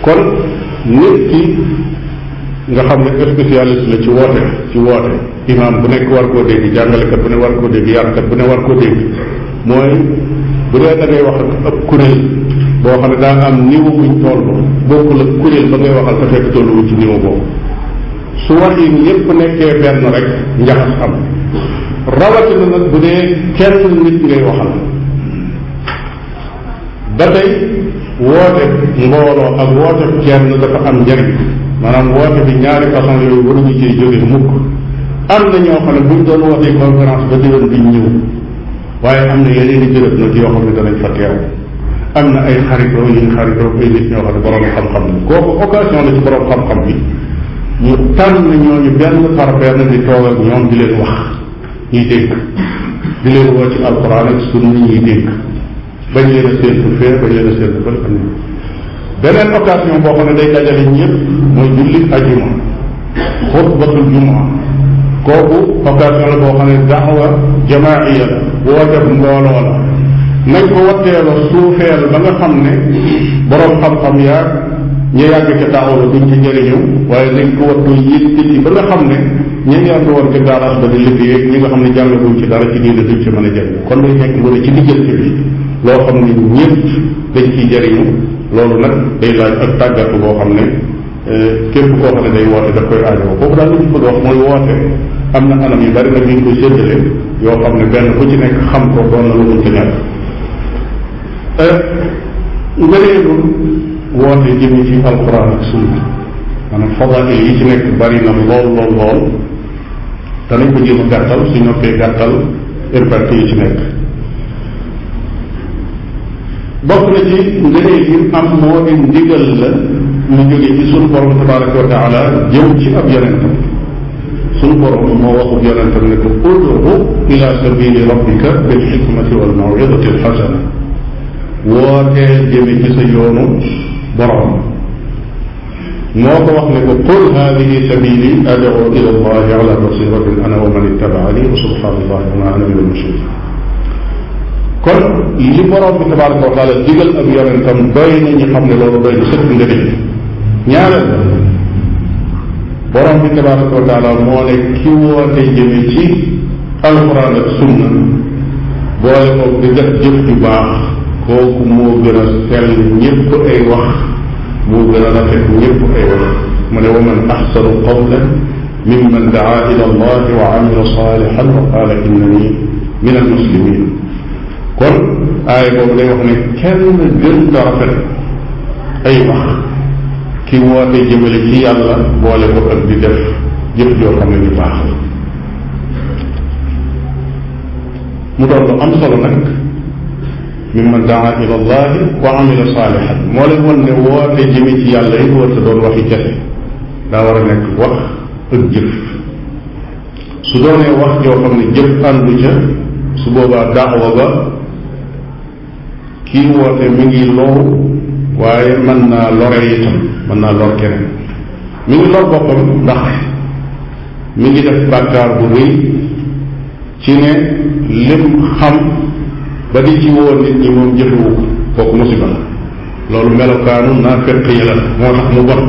kon nit ki nga xam ne spécialiste la ci woote ci woote imaam bu nekk war koo dégg jàngalekat bu ne war koo dégg yarkat bu ne war koo dégg mooy bu dee da wax ak ab boo xam ne daa am niveau buñ toll bokkul ak kuréel ba ngay waxal te fekk tolluwu ci niveau boobu su waxin yépp nekkee benn rek njaxas am rawatina nag bu dee kenn nit ngay waxal ba tey woote mbooloo ak woote kenn dafa am njariñ maanaam woote bi ñaari façon yooyu waruñu cee jóge mukk am na ñoo xam ne buñ doon wootee conférence ba déwén duñ ñëw waaye am na yeneen i jërëb nag yoo xam ne danañ fa teew am na ay xaritoo yuñ xaritoo ay nit ñoo xam ne borom xam-xam la kooku occasion la ci borom xam-xam bi mu tànn ñooñu benn par benn di toog ak ñoom di leen wax ñuy dégg di leen woo ci alxuraan ak sunna ñuy dégg bañ leen a séentu fee bañ leen a séentu fële beneen occasion boo mooy jullit ajuma xutbatul jumaa kooku occasion la boo xam ne daawa jamaaiya la wooteeb mbooloo la nañ ko watteel a suufeel ba nga xam ne boroom xam-xam yaa ñu yàgg ca daawa la duñ ci jëriñu waaye nañ ko wattu yitt yi ba nga xam ne ñi ngi yàgg woon ca daaraas ba di liggéey ñi nga xam ne jàngaguñ ci dara ci diine duñ ci mën a jëriñ kon day nekk lu ne ci diggante bi loo xam ne ñëpp dañ ciy jëriñu loolu nag day laaj ak tàggatu boo xam ne Eh, képp koo xam ne day woote daf koy aajowoo foofu daal li bëgg wax mooy woote am na anam yu bari nag ñu ngi yoo xam ne benn bu ci nekk xam ko doon na lu mun ci nekk eh, ngëneelu woote jëmi ci alquran ak sunna maanaam fadail yi ci nekk bari na lool lool lool danañ ko jéem a gàttal su noppee gàttal réparti yi ci nekk bokk na ci ngëneel yi am moo di lu jógee ci sunu borom tabaraka wa taala jëm ci ab yonentam sunu borom moo waxub yonentam ne ko ud'u ila sabili rabbika bil hikmati wal maw'izati al hasana wootee jëme ci sa yoonu borom moo ko wax ne ko qul hadihi sabili ad'u ila allahi ala basiratin ana wa man ittaba'ani wa subhanallahi wa ma ana min al mushrikin kon li borom bi tabaraka wa taala digal ab yonentam doy na ñu xam ne loolu doy na sëkk njëriñ ñaareel borom bi tabaraka wa taala moo ne ki woote jëme ci alxuraan ak sunna boole ko di def jëf ju baax kooku moo gën a sell ñépp ay wax moo gën a rafet ñépp ay wax mu ne wa man axsanu qawlan mimman daa ila allah wa amila salihan wa qaala innani min almuslimin kon aaya boobu day wax ne kenn gën a rafet ay wax ki woote jëmale ci yàlla boole ko ak di def jëf joo xam ne ñu baax la mu doon lu am solo nag min man daa ila allahi wa amila saalihan moo leen wan ne woote jëme ci yàlla yi warta doon waxi jafe daa war a nekk wax ak jëf su doonee wax joo xam ne jëf àndu ca su boobaa daawa ba kii woote mi ngi loru waaye mën naa lore itam mën naa lor keneen mi ngi lor boppam ndax mi ngi def bàkkaar bu rëy ci ne lim xam ba di ci woo nit ñi moom jëfewu kooku musiba la loolu melokaanu naafiq yi la moo tax mu bon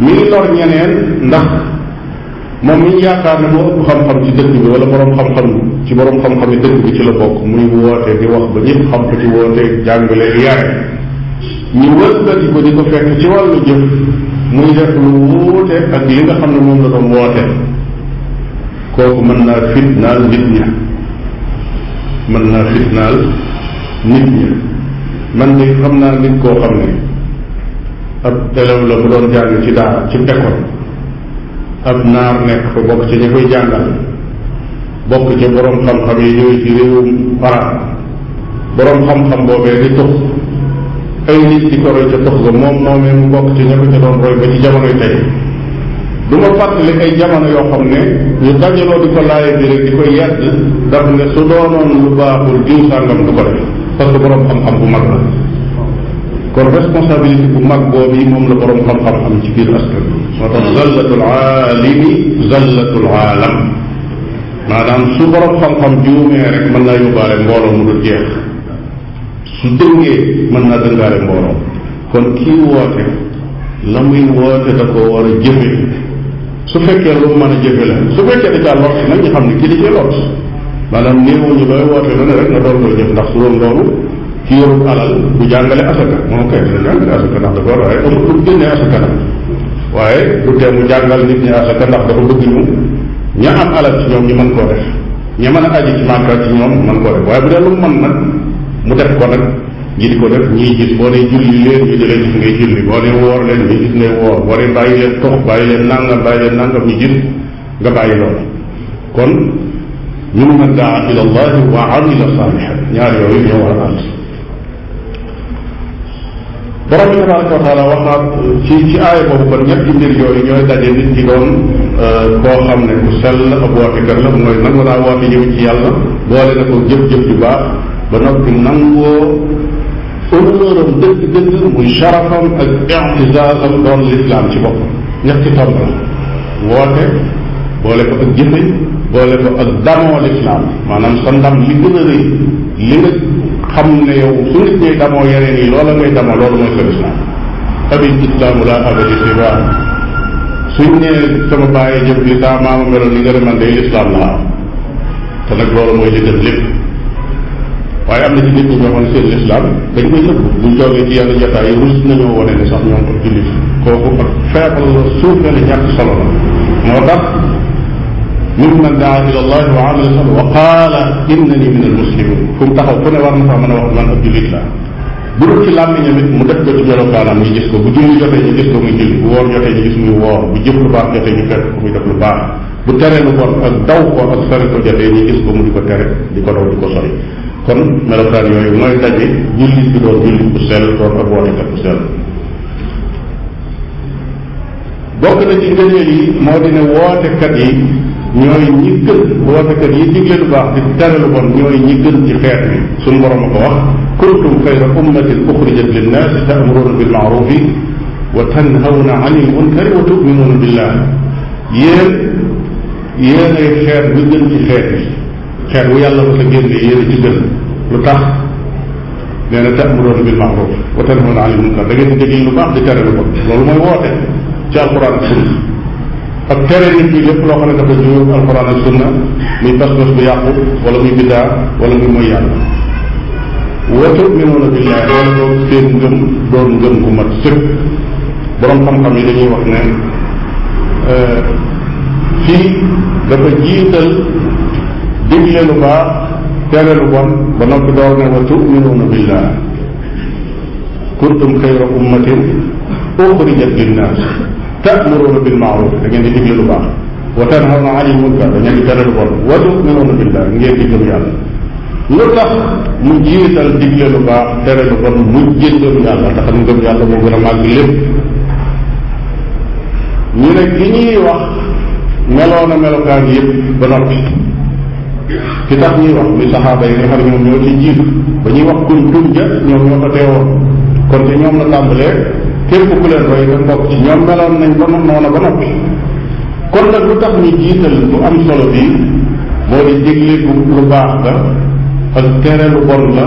mi ngi lor ñeneen ndax moom mi ngi yaakaar ne moo ëpp xam-xam ci dëkk bi wala borom xam-xam ci borom xam-xam yi dëkk bi ci la bokk muy woote di wax ba ñëpp xam ko ci woote jàngale yare ñu wëlbati ko di ko fekk ci wàllu jëf muy def lu wuute ak li nga xam ne moom la doon woote kooku mën naa fitnaal nit ña man de xam naa nit koo xam ne ab élève la bu doon jàng ci daara ci école ab naar nekk fa bokk ci ñi koy jàngal bokk ci boroom xam-xam yi ñëwee ci réewum arab boroom xam-xam boobee di tux ay nit di ko roy ca tox ga moom noomee mu bokk ci ña ko ca doon roy ba ci tey du ma fàttali ay jamono yoo xam ne ñu dajaloo di ko laaye bi rek di ko yedd daf ne su doonoon lu baaxul diw sàngam du ko def parce que borom xam-xam bu mag la kon responsabilité bu mag boobu moom la borom xam-xam am ci biir askan bi moo tax zallatul aalimi zallatul aalam maanaam jeex su dëngee mën naa dëngaare mbooloo kon kii woote la muy woote da ko war a jëfe su fekkee lu mën a jëfe la su fekkee da caa lot nag ñu xam ne kii da cee lot maanaam néewuñu looy woote lu ne rek nga door koo jëf ndax su doon loolu ki yorul alal bu jàngale asaka moom kay dina jàngale asaka ndax dafa bëgg ñu ña am alal ci ñoom ñu mën koo def ña mën a aji ci màkka ci ñoom mën koo def waaye bu dee lu mën nag mu def ko nag ñi di ko def ñii gis boo ne julli leen ñu di leen gis ngay julli boo ne woor leen ñu gis ngay woor boo ne bàyyi leen tox bàyyi leen nangam bàyyi leen nangam ñu gis nga bàyyi loolu kon ñu mën a daa ila allahi wa amila saalihan ñaar yooyu a ànd borom bi tabaraka wa taala ñooy daje nit ki doon euh, koo xam ne ku sell ab wootekat la mooy nangu naa woote ñëw ci yàlla boole na ko jëf-jëf ju baax ba noppi nangoo honneuram dëgg-dëgg muy sharafam ak i'tizaazam doon lislaam ci boppam ñetti tomb la woote boole ko ak jëfe boole ko ak damoo lislaam maanaam sa ndam li gën a rëy li nga xam ne yow su nit ngay damoo yeneen yi loola mooy sa lislaam abil islaamu laa abadi sibaa suñ ne sama bàyyi jëf li saa maama ni nga deman day lislaam laa am te mooy li gën lépp waaye am na ci nit ñi ñoo xam seen lislaam dañ koy nëbb buñ toogee ci yenn jotaay yi rus nañoo wane ne sax ñoom ko jullit kooku tax min man daa ila bu dul ci làmmiñam mu def ko ci melokaanam ñu ko bu julli jotee ñu gis ko muy julli bu woor jotee ñu gis muy woor bu jëf lu baax jotee ñu fekk ko muy bu tere lu ko ak sori ko ko mu di ko tere di ko daw di ko sori kon melokaan yooyu mooy daje jullit bi doon jullit bu sell doon ak wootekat bu sell bokk na ci ngëneel yi moo di ne wootekat yi ñooy ñi gën wootekat yi digle lu baax di tere lu bon ñooy ñi gën ci xeet bi suñu borom a ko wax kuntum xayra ummatin uxrijat linnaasi ta'muruuna bil ma'ruufi wa tanhawna anil munkari wa tu'minuuna billah yéen yéen ay xeet bi gën ci xeet bi xeet wu yàlla bu sa génne yéen ci gën lu tax nee na ta'muruuna bil ma'ruuf wa tanhawna anil munkar da ngeen di digle lu baax di tere lu bon loolu mooy woote ci alquran ak sunna ak tere nit ñi lépp loo xam ne dafa jóor alquran ak sunna muy pas-pas bu yàqu wala muy biddaa wala muy mooy yàlla wa tu'minuuna billahi wala doon seen ngëm doon ngëm gu mat sëkk borom xam-xam yi dañuy wax ne euh, fii dafa jiital digle lu baax tere lu bon ba noppi door ne wa tuminuuna billah kuntum xayra ummatin uxrijat linnaas ta'muruuna bil ma'ruf da ngeen di digle lu baax wa tanhawna anil munkar da ngeen di tere lu bon wa tuminuuna billah ngeen di gëm yàlla lu tax mu jiital digle lu baax tere lu bon mujj ngëm yàlla tax na ngëm yàlla moo gën a màgg lépp ñu ne ki ñuy wax meloon na melokaan yëpp ba noppi li tax ñuy wax li saxaaba yi nga xam ne ñoom ñoo ci jiitu ba ñuy wax kuñ tuñ ja ñoom ñoo ko teewoon kon te ñoom la tàmbalee képp ku leen roy te bokk ci ñoom meloon nañ ba noona ba noppi kon nag lu tax la la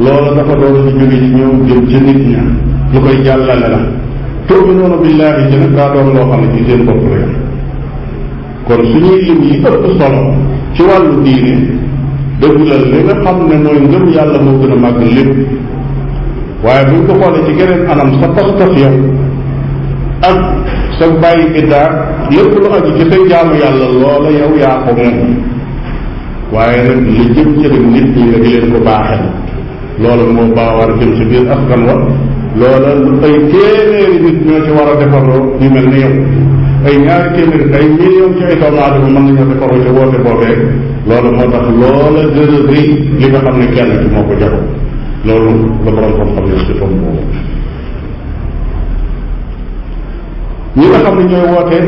loola dafa doon ci jóge ci ñoom jëm ci nit ña lu koy jàllale la tu'minuuna billaahi ci nag daa loo xam ne ci seen bopp la kon suñuy lim yi ëpp solo ci wàllu diine dëgglal li nga xam ne mooy ngëm yàlla moo gën a màgg lépp waaye buñ ko xoolee ci geneen anam sa pas-pas yow ak sa bàyyi biddaa lépp lu aju ci say jaamu yàlla loola yow yaa ko moom waaye nag li jëm ci nag nit ñi nga di leen ko baaxel loola moo baa war a jëm ci biir askan wa loola lu ay téeméeri nit ñoo ci war a defaroo ñu mel ne yow ay ñaari téeméeri ay million ci ay doomu aadama mën moo tax loola gën a li nga xam ne kenn ci moo ko jago loolu la borom xam-xam ne ci tomb boobu ñi nga xam ne ñooy woote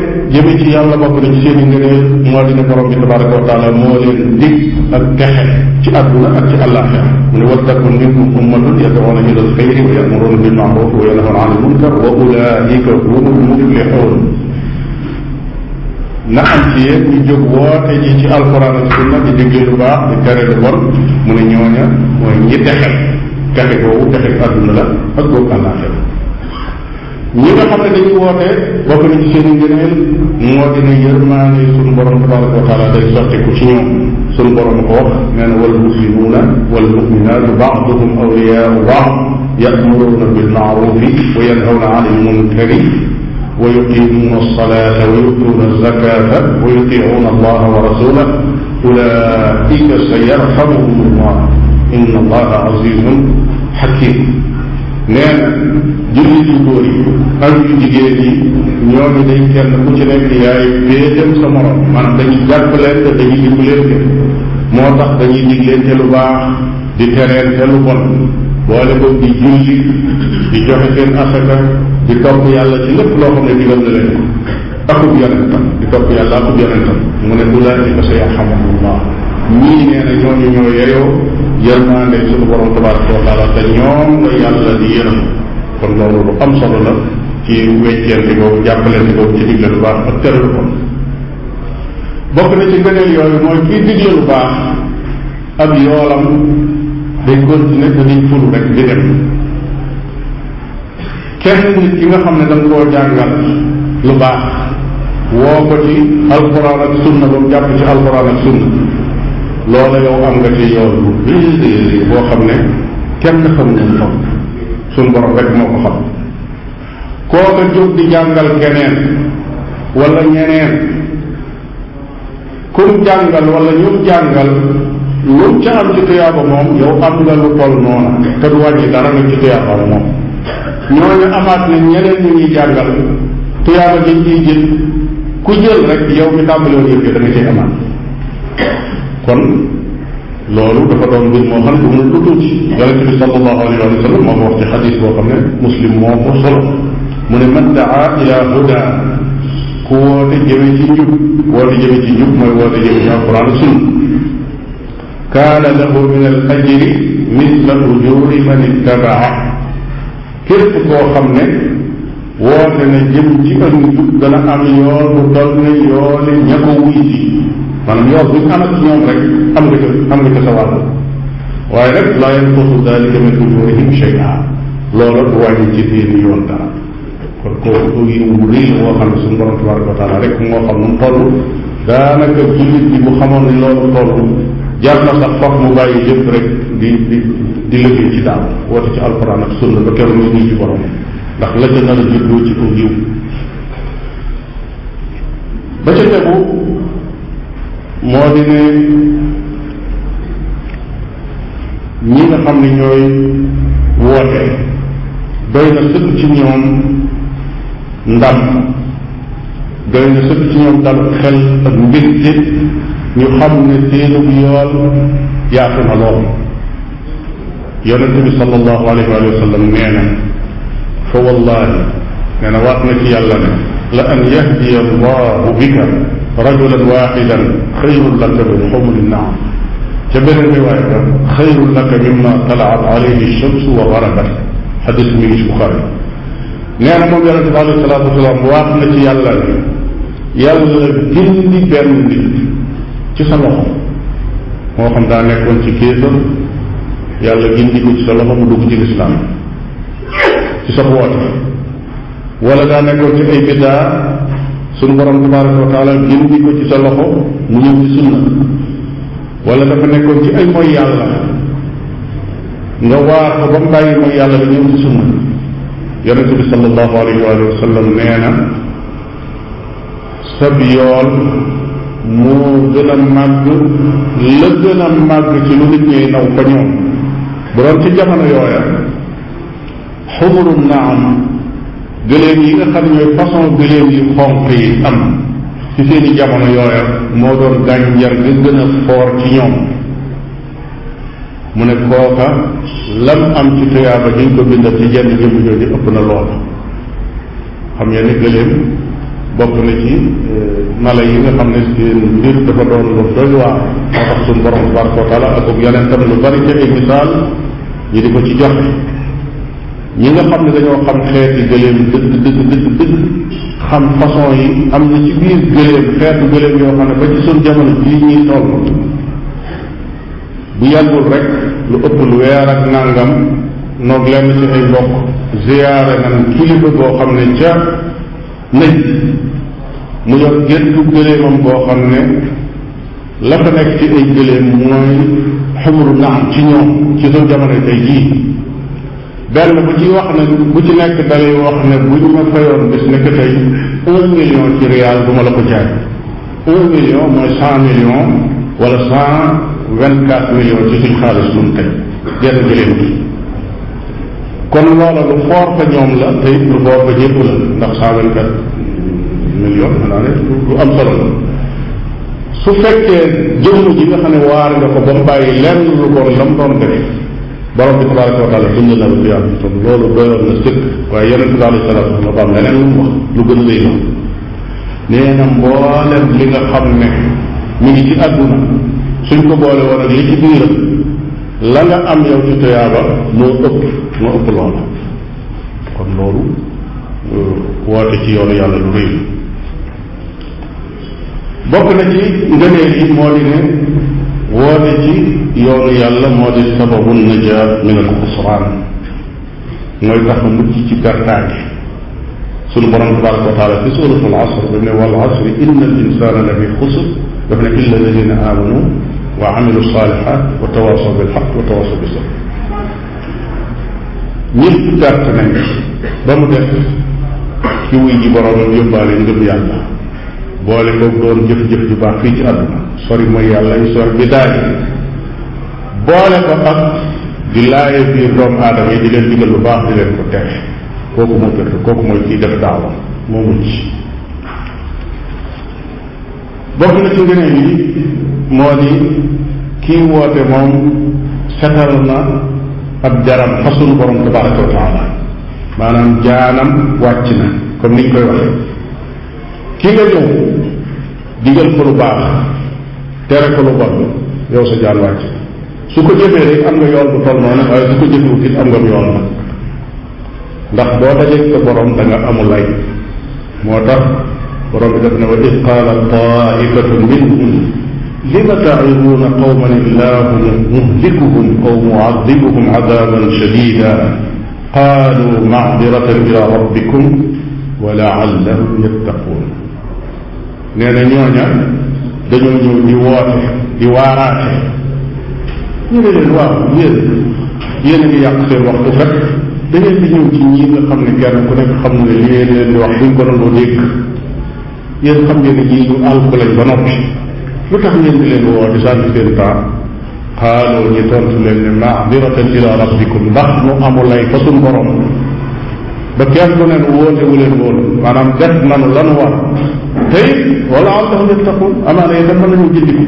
ci yàlla bokk na ci seen i moo di ne borom bi tabaraka wa taala moo leen dig ak texe ci àdduna ak ci àllaaxira mu ne waltakun minkum ummatun yad'una ila alxayri wa ya'muruna ma'ruf wa yanhawna anil munkar wa ulaika na am ci i ñu jóg woote ji ci alquran ak sunna di digle lu baax di tere lu bon mu ne ñooña mooy ñi texe texe googu texe adduna la ak googu àllaaxira ñi nga xam ne dañuy woote bokk na ci seen ngëneel moo dina yërmaane sunu borom tabaraka wa taala day sottiku ci ñoom sunu borom ko wax nee na wal muslimuuna wal muminaatu baaduhum awliyaau baad ya'muruuna bil maarufi wa yanhawna anil munkari wa yuqimuuna alsalata wa yutuuna alzakata wa yuticuuna allaha wa rasulah ulaika sa yarhamuhum allah inna allaha azizun xakim nee na jullit yu góor yi ak yu jigéen yi ñooñu dañ kenn ku ci nekk yaay féetam sa morom maanaam dañuy jàppalante dañuy dimbalante moo tax dañuy diglante lu baax di tereente lu bon boole ko di julli di joxe seen asaka di topp yàlla ci lépp loo xam ne digal na leen ko akub yonentam di topp yàlla akub yonentam mu ne ulaa'ika sayarhamuhumullah ñii nee na ñooñu ñoo yeyoo yërmande yàlla di yërëm kon loolu lu am solo la ci wecceente boobu jàppalente boobu ci digle lu baax ak tere lu bokk na ci gëneel yooyu mooy kii digle lu baax ab yoolam day continuer dañuy fulu rek di dem képp nit ki nga xam ne dañ koo jàngal lu baax woo ko ci alquran ak sunna ba mu jàpp ci alquran ak sunna loola yow am nga ci yoon bu boo xam ne kenn xam ne xam suñ borom rek moo ko xam kooka jóg di jàngal keneen wala ñeneen kum jàngal wala ñum jàngal lu ca am ci tuyaaba moom yow am nga lu toll noona te du dara nga ci tuyaaba moom ñooñu amaat nañ ñeneen ñu ñuy jàngal tuyaaba gi ñuy jël ku jël rek yow mi tàmbali woon yëpp da nga cay amaat kon loolu dafa doon mbir moo xam ne bu mu tuuti yonente bi sallallahu alayhi wa sallam moo ko wax ci xadis boo xam ne muslim moo ko solo mu ne man daa ila huda ku woote jëme ci njub woote jëme ci njub mooy woote jëme ci alquran ak sunna kaana lahu min al ajri misla ujuri man ittabaa képp koo xam ne woote na jëm ci ak njub dana am yool bu toll ne yooli ña ko wuy ji maanaam yool am ak ñoom rek am nga am nga sa wàll waaye rek laa yoon dara kon kooku yiw bu woo xam ne suñu borom tabaraka wa taala xam nu mu daanaka jullit bi bu xamoon ne loolu toll jar na sax mu bàyyi yëpp rek di di liggéey ci daal woote ci alxuraan ak sunna ba keroog ñu ñuy ci ndax la ca ci aw yiw ba ca tegu moo di ne ñi nga xam ne ñooy woote doy na sëkk ci ñoom ndam doy na sëkk ci ñoom dalu xel ak mbir ñu xam ne seenub yool yaatu na lool yonent bi sallallahu alayhi wa sallam nee na fa wallahi nee na waat na ci yàlla ne la an yahdiya allahu bika rajulan waxidan xayrun laka min xumri naam ca beneen riwaaya ba xayrun laka mimma talaat alayhi shams wa garabat xadis mi ngi ci Buxaari nee na moom yonent bi alayhi salaatu wasalaam waat na ci yàlla ne yàlla gindi benn nit ci sa loxo moo xam daa nekkoon ci kéefar yàlla gindi ko ci sa loxo mu dugg ci lislaam ci sa woote wala daa nekkoon ci ay biddaa sunu borom tabaraka wa taala gindi ko ci sa loxo mu ñëw ci sunna wala dafa nekkoon ci ay mooy yàlla nga waar ba mu bàyyi mooy yàlla bi ñëw ci sunna yonente bi sallallahu alayhi wa sallam nee sab yool moo gën a màgg la gën a màgg ci lu nit ñuy naw fa ñoom bu doon ci jamono yooya xumurum naam gëléem yi nga xam ne ñooy façon gëléem yu xonq yi am ci seeni jamono yooya moo doon gànjar ga gën a foor ci ñoom mu ne kooka lam am ci tuyaaba ñu ko bindal ci jenn jëmm jooju ëpp na lool xam ngeen gëléem bokk na ci euh, mala yi nga xam ne seen mbir dafa doon lu doy waar moo tax suñu borom tabaraka wa taala ak yonentam lu bari ci ay misaal ñi di ko ci joxe ñi nga xam ne dañoo xam xeeti gëléem dëgg dëgg dëgg xam façon yi am na ci biir gëléem xeetu gëléem yoo xam ne ba ci suñu jamono bii ñuy toll bu yàggul rek lu ëpp lu weer ak nàngam noog lenn ci ay mbokk ziyaare nan kilifa boo xam ne ca nañ mu yor géntu gëleemam boo xam ne la fa nekk ci ay gëleem mooy xumru naam ci ñoom ci suñ jamono tey jii benn bu ci wax ne bu ci nekk dalay wax ne bu ñu ma fayoon bis nekk tey un million ci rial du la ko jaay un million mooy cent million wala cent vingt quatre million ci suñ xaalis mun tey genn gëleem bi kon loola lu foor ñoom la tey lu foor fa ñëpp la ndax cent vingt quatre million xanaa lu am solo la su fekkee jëmm ji nga xam ne waar nga ko ba lenn lu la mu doon def borom bi tabaraka wa lu yàlla kon loolu doyoon na sëkk waaye yeneen bi alayhi salaatu lu mu wax lu gën lay ko boole woon ak li ci am yow ci tuyaaba moo kon loolu woote ci yoonu yàlla lu rëy bokk na ci ngëneel yi moo di ne woote ci yoonu yàlla moo di sababu najaat min al xusraan mooy tax mucc ci pertaange sunu borom tabaraka wa taala fi suratul asr bi ne wal asr inna al insana la fi xusr daf ne illa alladina amanu wa amilu salihat wa tawasaw bil xaq wa tawasaw bis sabr ñëpp perte nañ ba mu def ci wuy ji borom yóbbaale ngëm yàlla boole koog doon jëf-jëf ju baax fii ci àdduna sori mooy yàlla yi sori bi daal boole ko ak di laaye biir doomu aadama yi di leen digal lu baax di leen ko tere kooku moo perte kooku mooy kiy def daawa moo na ci ngëneel yi moo di kii woote moom setal na ab jaram fasunu borom tabaraka wa taala maanaam jaanam wàcc na comme niñ koy waxee ki nga ñëw digal ko lu baax tere ko lu bon yow sa jaan wàcc su ko jëfee rek am nga yoon bu toll noonu waaye su ko jëfewut it am nga yoon la ndax boo dajee sa borom da nga amul ay moo tax borom bi daf ne wa id qaala taifatu minhum lima ta'iduuna qawman illahu muhlikuhum aw mu'adibuhum adaban shadida qaalu macdiratan ila rabbikum wa laallahum yattaquun nee na ñooña dañoo ñëw woote di waaraate ñu ne leen waaw yéen yéen a ngi yàq seen waxtu kat da ngeen di ñëw ci ñii nga xam ne kenn ku nekk xam ne li ngeen di wax buñ ko doon dégg yéen ngeen ne ñii ba noppi tax ngeen di leen woo di sànni seen temps xaaloo ñi tontu leen ne maadiratan ila rabbikum ndax nu amul lay fa suñ borom ba kenn ku neen wóote wu leen wóolu maanaam def nanu lanu war tey wala allahum yattaqun amaana itam mën nañu gindiku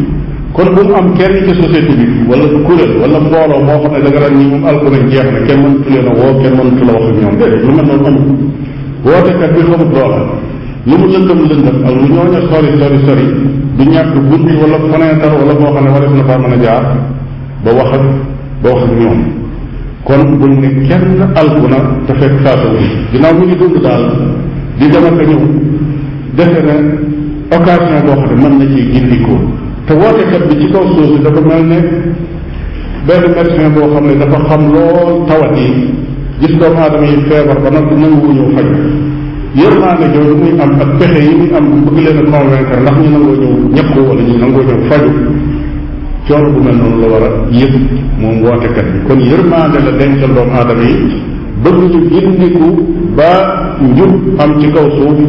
kon bu mu am kenn ci société bi wala kuréel wala mbooloo moo xam ne da nga daan ñi moom alku nañ jeex na kenn mënatu leen a woo kenn mënatu la wax a ñoom déedéet lu mel noonu amul wootekat bi xamut loola lu mu lëndëm lëndëm ak lu ñooña sori sori sori du ñàkk bunt wala fenêtre wala boo xam ne warees na faa mën a jaar ba wax ak ba wax kon buñ ne kenn alku na te fekk faatawuñ ginnaaw bu ñu dund daal di dem ak a ñëw defe ne occasion boo xam ne mën na ci gindikoo te wootekat bi ci kaw suuf dafa mel ne benn médecin boo xam ne dafa xam lool tawat yi gis doomu aadama yi feebar ba nag nanguwu ñëw faj yërmaande jooju muy am ak pexe yi muy am bëgg leen a ndax ñu nangoo ñëw ñekku wala ñu nangoo ñëw faju coono bu mel noonu la war a yëg moom wootekat bi kon yërmaande la dencal doomu aadama yi bëgg ñu gindiku ba njub am ci kaw suuf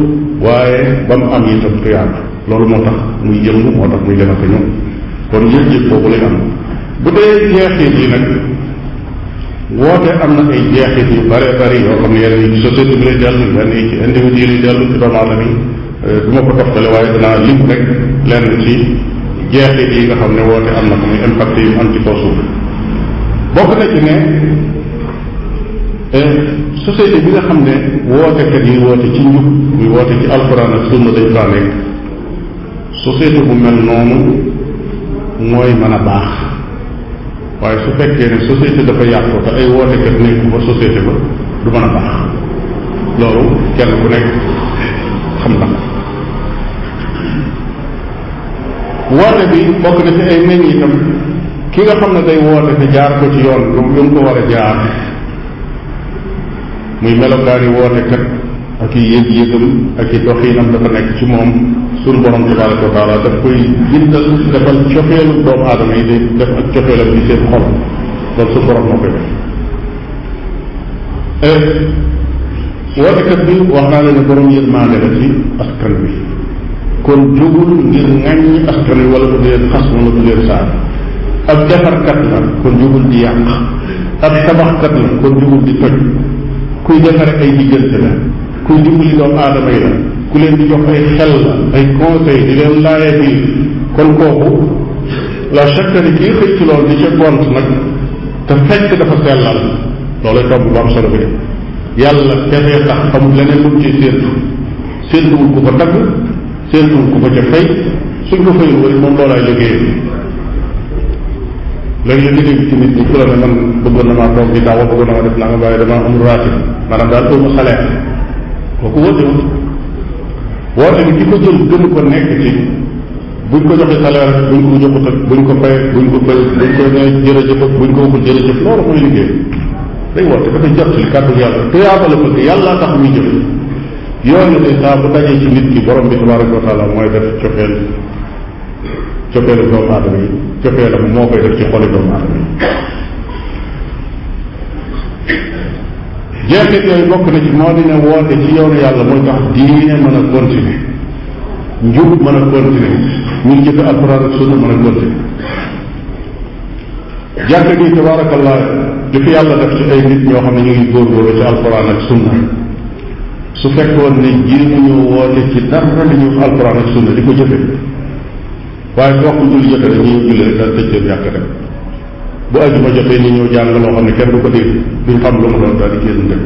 waaye ba mu am itam tuyaab loolu moo tax muy yëngu moo tax muy dema ko ñun kon yëg-yëg boobu lay am bu dee jeexit yi nag woote am na ay jeexit yu bare bari yoo xam ne yeneen yi ci société bi lay dellu yeneen yi ci individu yi lay dellu ci doomu yi euh, du ma ko toftale waaye danaa lim rek lenn ci jeexit yi nga xam ne woote am na ko muy impact yi mu am ci bokk na ci ne eh, société bi nga xam ne ci njub muy woote ci alxuraan ak sunna dañ faa nekk société bu mel noonu mooy mën a baax waaye su fekkee ne société dafa yàqu te ay wootekat nekk ba société ba du mën a baax loolu kenn ku nekk xam na woote bi bokk na ci ay meññitam ki nga xam ne day woote te jaar ko ci yoon lu mu ko war a jaar muy melokaani woote kat ak i yëg-yëgam ak i doxiinam dafa nekk ci moom suñu borom tabaraka wa taala daf koy gindal defal cofeelu doomu aadama yi di def ak cofeelam ci seen xol loolu suñu borom moo koy def eh, woote kat bi wax naa leen ne borom yërmaande la ci askan bi kon jógul ngir ŋàññ askan wi wala du leen xas wala du leen saag ab defarkat la kon jógul di yàq ab tabaxkat la kon jógul di toj kuy defare ay diggante la kuy dimbali doomu aadama yi la ku leen di jox ay xel la ay conseil di leen laaya biir kon kooku la chaque ni kii xëcc lool di ca gont nag te fekk dafa sellal loolay tomb bu am solo yàlla tefee tax amul leneen lu mu ci séentu séentuwul ku ko tagg seetul ku ko ca fay suñ ko fayul wari moom loolaay liggéeyam léegi nga dégg ci nit ñi ku la man bëggoon na maa toog di daaw bëggoon na ma def naa nga waaye damaa amul raati maanaam daal amu salaire kooku wóotewul woote bi ki ko jël gën ko nekk ci buñ ko joxe salaire buñ ko joxut ak buñ ko fay buñ ko fay buñ ko ne jërëjëf ak buñ ko waxul jërëjëf loolu mooy liggéey day woote dafay jot ci kàddu yàlla tuyaaba la yàlla tax muy jëf yooyu de saa bu ci nit ki borom bi tabaraka wa taala mooy def cofeel cofeelu doomu aadama yi moo koy def ci xoli doomu aadama yi jeexit yooyu bokk na ci moo di ne woote ci yoonu yàlla mooy tax diine mën a continuer njub mën a continuer ñun jëfe alxuraan ak sunna mën a continuer jàkk gi tabarakallah li fi yàlla def ci ay nit ñoo xam ne ñu ngi góorgóorlu ci alxuraan ak sunna su fekkoon ne jéemuñoo woote ci dara li ñuy ak sunna di ko jëfe waaye boo waxtu julli jotee rek ñu julli rek daal tëj bu ajuma jotee ñu ñëw jàng loo xam ne kenn ko dégg duñ xam lu mu doon daal di génn dem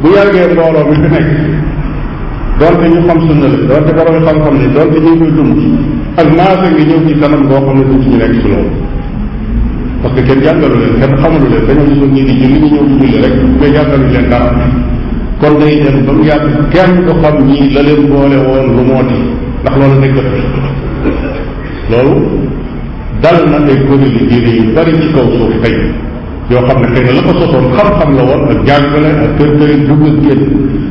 bu yàggee mbooloo mi fi nekk doonte ñu ni doonte ñu koy dund ak naasa ngi ñëw ci kanam xam ne duñ que kenn jàngalu leen kenn xamalu leen dañoo gisoon ñii di julli ñu ñëw di julli rek mais jàngalu leen dara kon day dem ba mu yàgg kenn du xam ñii la leen boole woon lu moo di ndax loolu nekkat loolu dal na ay kuréelu diine yu bari ci kaw suuf tey yoo xam ne xëy na la ko sosoon xam-xam la woon ak jàngale ak kër këri dugg ak génn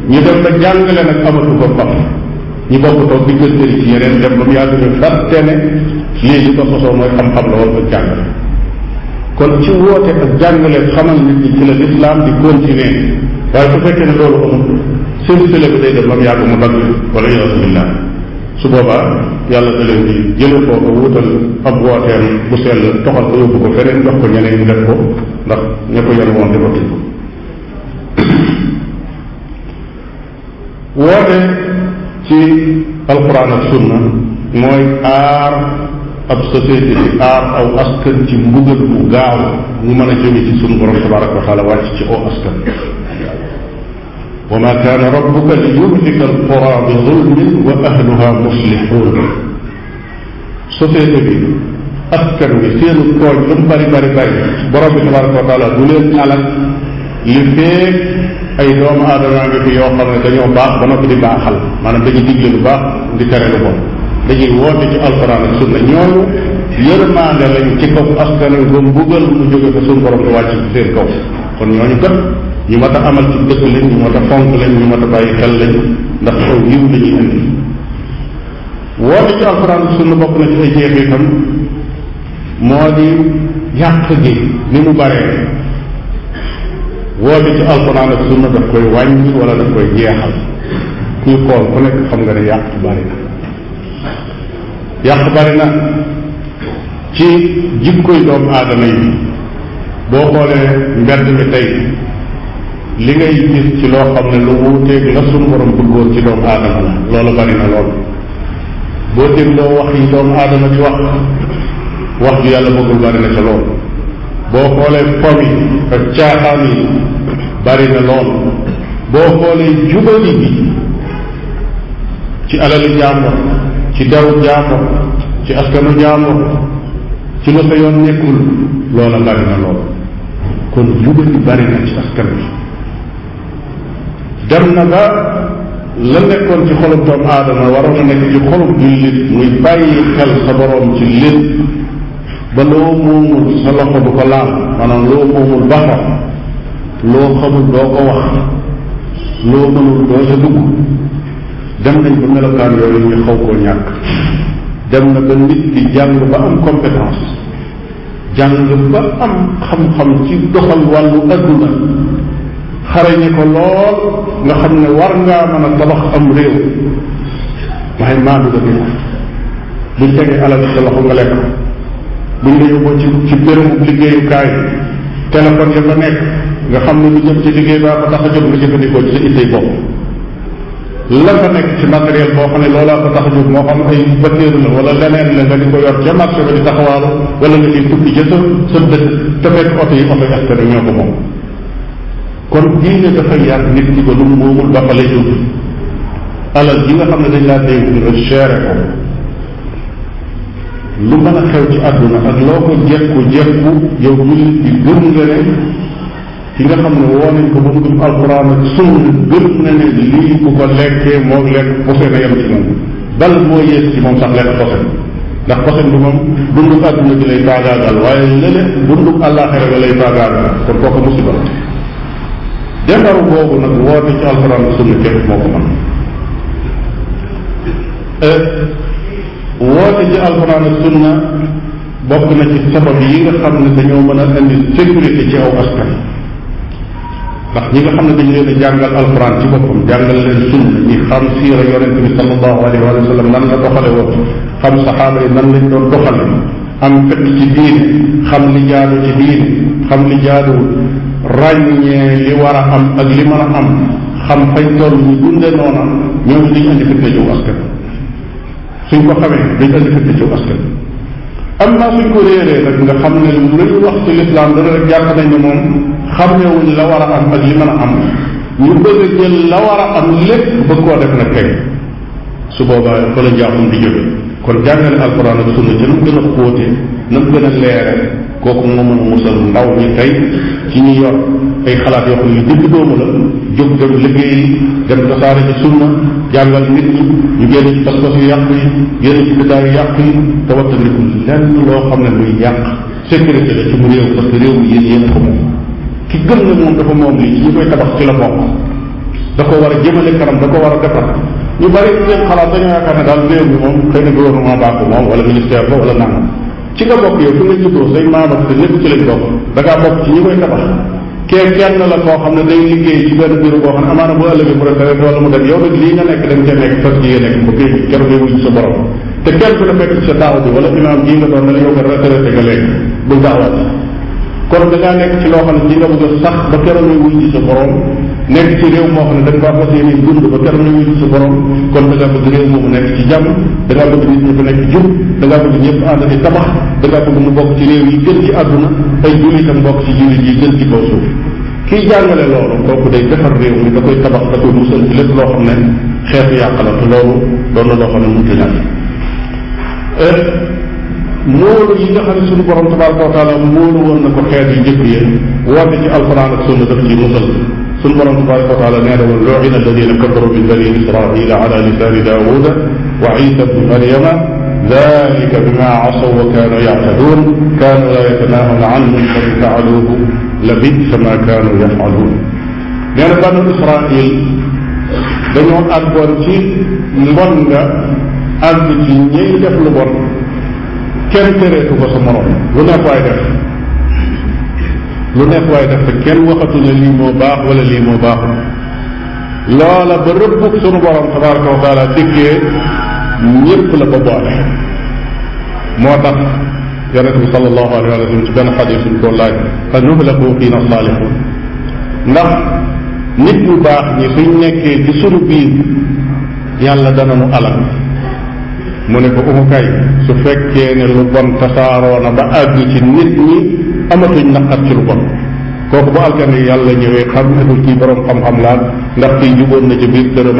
ñu dem ba jàngale nag amatu ko pap ñu bokk toog di kër këri ci yeneen dem ba mu yàgg ñu fàtte ne lii li ko sosoon mooy xam-xam la woon ak jàngale kon ci woote ak jàngale xamal nit ñi ci la lislaam di continuer waaye su fekkee ne loolu amul service bi day dem ba mu yàgg mu dagg wala yàlla billah su boobaa yàlla da leen di jële foofu wutal ab wooteem bu sell toxal ko yóbbu ko feneen jox ko ñeneen ñu ko ndax ña ko yen woon defatuñ ko woote ci alquran ak sunna mooy aar ab société bi aar aw askan ci mbugal bu gaaw ñu mën a jóge ci sunu borom tabaraka wa taala wàcc ci aw askan wa ma kaana rabbuka li yuhlika alqura bi zulmin wa ahluha muslixuun société bi askan wi seenu tooñ lu mu bari bari bari borom bi tabaraka wa taala du leen alal li feeg ay doomu aadama ngi fi yoo xam ne dañoo baax ba noppi di baaxal maanaam dañuy digle lu baax di tere lu bon dañuy woote ci alxuraan ak sunna ñooñu yërmaande lañu ci kaw askan wi ba mbugal mu jóge fa suñu borom di wàcc ci seen kaw kon ñooñu kat ñu mat a amal ci dëkk lañ ñu mat a fonk lañ ñu mat a bàyyi xel lañ ndax xew yiw la indi woote ci alxuraan sunna bokk na ci ay jeexitam moo di yàq gi ni mu baree woote ci alxuraan sunna daf koy wàññi wala daf koy jeexal kuy xool ku nekk xam nga ne yàq bari na yàq bari na ci jikkoy doomu aadama yi boo xoolee mbedd mi tey li ngay gis ci loo xam ne lu wuuteeg la suñu bëggoon ci doomu aadama la loolu bari na lool boo dégloo wax yi doomu aadama di wax wax ju yàlla bëggul bari na ca lool boo xoolee fom yi ak bari na lool boo xoolee jubali bi ci alalu jàmbur ci deru jàmbur ci askanu jàmbur ci lu sa yoon nekkul loola bari na lool kon jubali bari na ci askan bi dem na ba la nekkoon ci xolub doomu aadama waroon a nekk ci xolub jullit muy bàyyi xel sa boroom ci ba loo moomul sa loxo du ko laal loo moomul ba ko loo xamul doo ko wax loo mënul doo sa dugg dem nañ ba melokaan yooyu ñu xaw koo ñàkk dem na ba nit ki ba am compétence jàng ba am xam-xam ci doxal wàllu adduna xare yi xarañe ko lool nga xam ne war ngaa mën a tabax am réew waaye maandu da dina buñ tegee alal sa loxo nga lekk buñ la yóbboo ci ci bërëbu liggéeyukaay téléphone ya fa nekk nga xam ne lu jëm ci liggéey baa ko tax a jóg nga jëfandikoo ci sa ittey bopp la fa nekk ci matériel boo xam ne a ko tax a jóg moo xam ay bëtéer la wala leneen la nga di ko yor ca marché ba di taxawaalu wala nga ciy tukki ca sa sa dëkk te oto yi oto askan wi ñoo ko kon diine dafay yar nit ñi ba lu mu moomul ba pare jóg alal ji nga xam ne dañ laa dénk nga géré ko lu mën a xew ci àdduna ak loo ko jekku jekku yow jullit bi gëm nga ne ki nga xam ne woo nañ ko ba mu gëm alquran ak sunna gëm na ne lii ku ko lekkee moo lekk posé na yem ci moom bal moo yées ci moom sax lekk posé ndax posé bi moom dundug àdduna bi lay faagaagal waaye lële dundug àllaaxira ga lay faagaagal kon kooku musiba defaru boobu nag woote ci alxuraan ak sunna képp moo ko mën euh, woote ci alxuraan ak sunna bokk na ci sabab yi nga xam ne dañoo mën a indi sécurité ci aw askan ndax ñi nga xam ne dañu leen a jàngal alxuraan ci boppam jàngal leen sunna ñi xam siira yonente bi sallallahu alayhi wa sallam nan la doxale woon xam saxaaba yi nan lañ doon doxale am fekk ci diine xam li jaadu ci diine xam li jaaduwul ràññee li war a am ak li mën a am xam fañ toll ñu dunde noona ñooñu dañu andi fitna jëw askan suñ ko xamee dañu andi fitna jëw askan am naa suñ ko réeree nag xam ne lu ñu wax ci lislaam dana rek jàpp nañ ne moom xamewuñ la war a am ak li mën a am ñu bëgg jël la war a am lépp bëgg koo def nag tey su boobaa fa la njaaxum di jóge kon jàngale alquran ak sunna ci nu gën a xóote na gën a leere kooku moo mën a musal ndaw ñi tey ci ñi ay xalaat yoo xam ne yu dëgg doomu la jóg dem liggéey dem sunna jàngal nit ñi ñu génn ci pas-pas yu yàq yi génn ci biddaa yu yàq yi te wattandiku lenn loo xam ne luy yàq sécurité la ci mu réew parce que réew mi yéen yéen ko moom ki gën na moom dafa moom lii ci ñu koy tabax ci la bokk da war a jëmale kanam da ko war a defar ñu bari seen xalaat dañoo yaakaar ne daal réew mi moom xëy na gouvernement baa ko moom wala ministère ba wala nangam ci nga bokk yow fi nga juddoo say maam ak sa ñëpp ci lañ bokk da ngaa ci ñi koy tabax kee kenn la koo xam ne day liggéey ci benn bureau boo xam ne amaana bu ëllëgee mu retraite wala mu dem yow nag lii nga nekk da nga cee nekk fas yi nga nekk ba kii keroog ngay wuyu sa borom te kenn du la fekk ci sa taaw bi wala imaam jii nga doon na la yow nga retraité nga léegi bul daawaat kon da ngaa nekk ci loo xam ne ci a sax ba keroog ngay wuy ci sa borom nekk ci réew moo xam ne da nga fas yéene dund ba keroog ngay wuy ci sa borom kon da ngaa bëgg réew moomu nekk ci jàmm da ngaa bëgg nit ñi fa nekk jub da ngaa bëgg ñëpp ànd di tabax da ngaa bëgg mu bokk ci réew yi gën ci àdduna ay jullitam bokk ci jullit yi gën ci kaw suuf kiy jàngale loolu kooku day defar réew mi da koy tabax da koy musal ci lépp loo xam ne xeetu yàq la te loolu na moolu yi nga xam ne suñu borom tabaraka wa taala moolu woon na ko xeet yu njëkk yi woote ci alquran ak sunna daf ci musal suñu borom tabaraka wa taala nee na woon lu'ina alladina kafaru min bani israila ala lisani daawuda wa isa bni maryama ذلك بما عصوا وكانوا يعتدون كانوا لا يتناهون عن منكر فعلوه لبئس ما كانوا يفعلون nee na banu Israil dañoo àggoon ci mbon nga àgg ci ñiy def lu bon kenn tereetu ko sa lu nekk waay def lu nekk waay kenn waxatu ne lii moo baax wala lii moo loola ba rëbbug sunu borom tabaraka wa taala dikkee ñépp la ko boole moo tax yonente bi sallallahu alayhi wa sallam ci fiina saalihun ndax nit ñu baax ñi suñ nekkee ci sunu biir yàlla dana nu mu ne ko umu kay su fekkee ne lu bon tasaaroo na ba àgg ci nit ñi amatuñ naqar ci lu bon kooku bu alkane yàlla ñëwee xam nekkul kii borom xam-xam laat ndax kii juboon na ci biir dërëm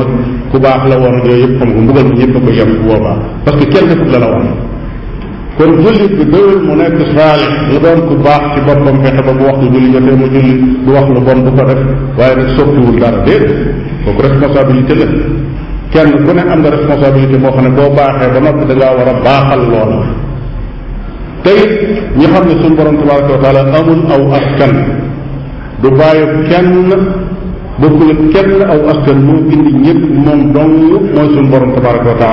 ku baax la woon ak yooyu yëpp xam nga mbugal bi ñëpp a ko yem bu boobaa parce que kenn defut la la wax kon jullit bi doyul mu nekk saalix la doon ku baax ci boppam fexe ba bu waxtu julli jotee mu julli du wax lu bon du ko def waaye nag soppiwul dara déet kooku responsabilité kenn ku ne am nga responsabilité boo xam ne boo baaxee ba noppi da war a baaxal loola te it ñi xam ne suñu borom tabaraka wa taala amul aw askan du bàyyi kenn bokkul kenn aw askan moo indi ñëpp moom dong mooy suñu borom tabaraka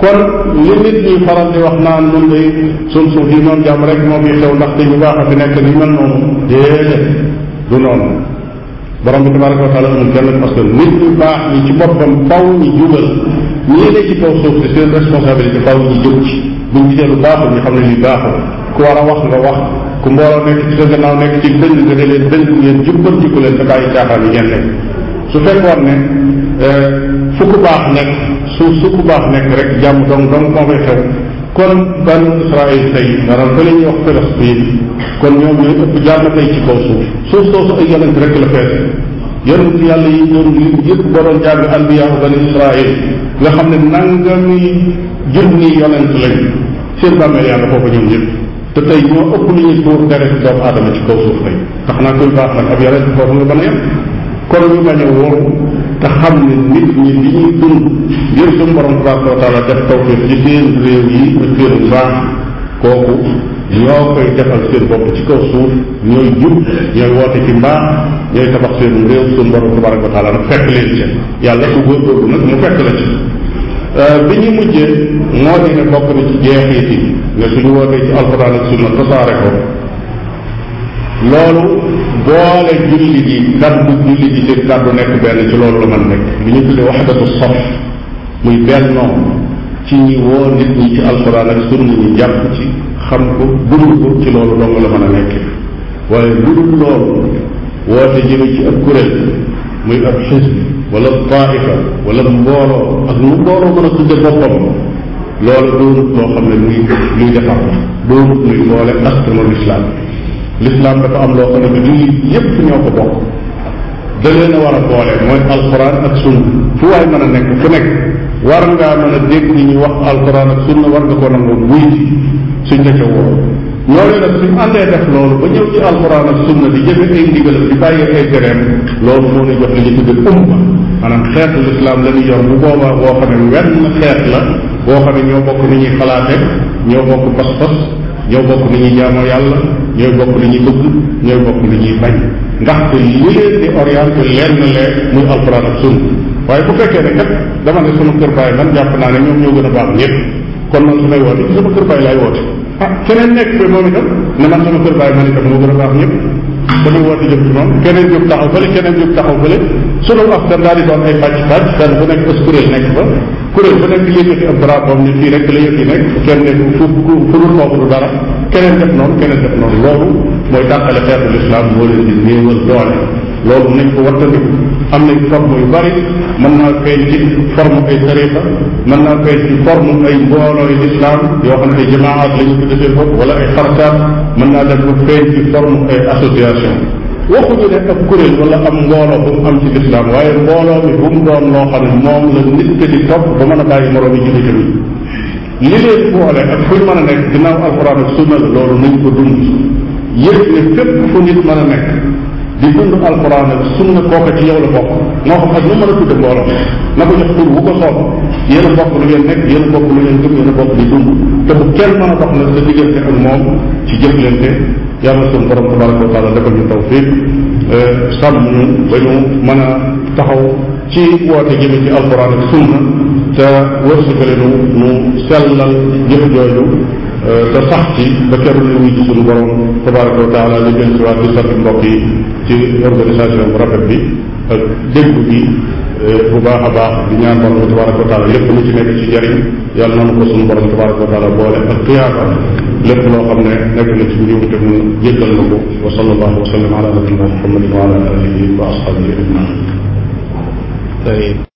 kon li nit ñi faral di wax naan nun day suñ suuf yi moom jàmm rek moo fi xew ndax te ñu baax a fi nekk ni mel noonu déedéet du noonu borom bi tabaraka wa taala amul benn parce que nit ñu baax ñi ci boppam faw ñu jubal ñii ne ci kaw suuf si seen responsabilité faw ñu jóg ci buñ gisee lu baaxul ñu xam ne lii baaxul ku war a wax nga wax ku mbooloo nekk ci sa gannaaw nekk ci dëng nga ne leen dëng ngeen jubbal jikko leen te bàyyi caaxaan yi ngeen nekk su ne eh, fukk baax nekk su sukk baax nekk rek jàmm dong dong moo koy xew kon banu Israël tey maanaam ba la ñuy wax Palestine kon ñoom ñooy ëpp jàmm tey ci kaw suuf suuf soosu ay yonent rek la fees yonent yàlla yi doon lim yëpp boo doon jàng anbiya banu Israël nga xam ne nangami junni yonent lañ seen bàmmeel yàlla foofu ñoom ñëpp te tey ñoo ëpp lu ñuy tuur deret doomu aadama ci kaw suuf tey tax naa koy baax nag ab yonent foofu nga mën a kon ñu bañ a te xam ne nit ñi li ñuy dund ngir suñu borom tabaraka wa taala def tawfiq ci seen réew yi ak seen mbaax kooku ñoo koy defal seen bopp ci kaw suuf ñooy jub ñooy woote ci mbaax ñooy tabax seen réew suñu borom tabaraka wa fekk leen ci yàlla ku góorgóorlu nag mu fekk la ci euh, bi ñu mujjee moo di ne bokk na ci jeexit yi ne suñu wootee ci alxuraan ak sunna ko loolu boole jullit yi kaddu jullit yi seen kaddu nekk benn ci loolu la mën nekk li ñu tuddee waxdatu saf muy bennoo ci ñi woo nit ñi ci alxuraan ak sunna ñu jàpp ci xam ko budul ci loolu la mën a nekk waaye budul loolu woote jëme ci ab kuréel muy ab xisb wala taifa wala mbooloo ak mu mbooloo mën a tudde boppam loolu doonut loo xam ne muy luy defar doonut luy boole askanul islam l'islam dafa am loo xam ne bi jullit yépp ñoo ko bokk da leen a war a boole mooy alquran ak sunna fu waay mën a nekk fu nekk war ngaa mën a dégg ni ñu wax alquran ak sunna war nga ko nangoo wuy ci suñ ca ca woo ñooñu nag suñ àndee def loolu ba ñëw ci alquran ak sunna di jëfe ay ndigalam di bàyyi ay tereem loolu moo ñuy jox li ñu tuddee umma maanaam xeetu l'islam la ñu yor bu boobaa boo xam ne wenn xeet la boo xam ne ñoo bokk ni ñuy xalaate yàlla ñooy bokk li ñuy bëgg ñooy bokk li ñuy bañ ndaxte li leen di orienté leer muy alxuraan ak waaye bu fekkee ne kat dama ne sama kër baay man jàpp naa ne ñoom ñoo gën a baax ñëpp kon man su may woote ci sama kër baay laay woote ah keneen nekk fe moom itam ne man sama kër baay man itam moo gën a baax ñëpp damay woote jëm ci moom keneen jóg taxaw fële keneen jóg taxaw fële sunu askan daal di doon ay pàcc pàcc kan bu nekk as kuréel nekk fa kuréel bu nekk yëkkati ab drapeau ne fii rek keneen def noonu keneen def noonu loolu mooy tàqale xeetu lislaam moo leen di néewal doole loolu nañ ko wattandiku am nañ forme yu bari mën naa feeñ ci forme ay tariqa mën naa feeñ ci forme ay mbooloo yu lislaam yoo xam ne ay jamaat la ñu ko defee foofu wala ay xartaat man naa def lu feeñ ci forme ay association waxuñu ne ab kuréel wala am mbooloo bu mu am ci lislaam waaye mbooloo bi bu doon loo xam ne la nit ki di topp ba mën a bàyyi moroom yi li leen boole ak fu ñu mën a nekk ginnaaw alxuraan ak sunna loolu nañ ko dund yëg ne fépp fu nit mën a nekk di dund alxuraan ak sunna kooka ci yow la bokk moo xam ak nu mën a tudde mbooloo na ko jox tur wu ko soob yéen a bokk lu ngeen nekk yéen a bokk lu ngeen gëm a bokk di dund te bu kenn mën a dox nag sa diggante ak moom ci jëflante yàlla suñu borom tabaraka wa taala defal ñu tawfiq euh, sàmm ñu ba ñu mën a taxaw ci woote jëme ci alxuraan sunna te wërsëgale nu nu sellal jëf jooju e, te sax ci ba kerul li wuy ci suñu borom tabaraka wa taala li gën ci waat di sant mbokk yi ci organisation bu rafet bi ak dégg bi e, bu baax a baax di ñaan borom bi tabaraka wa taala lépp lu ci nekk ci jariñ yàlla nanu ko suñu borom tabaraka wa taala boole ak xiyaabam lépp loo xam ne nekk na ci njuum te mu jéggal na ko wa sallallahu wa sallam ala nabiyina muhammadin wa ala alihi wa ashabihi ajmain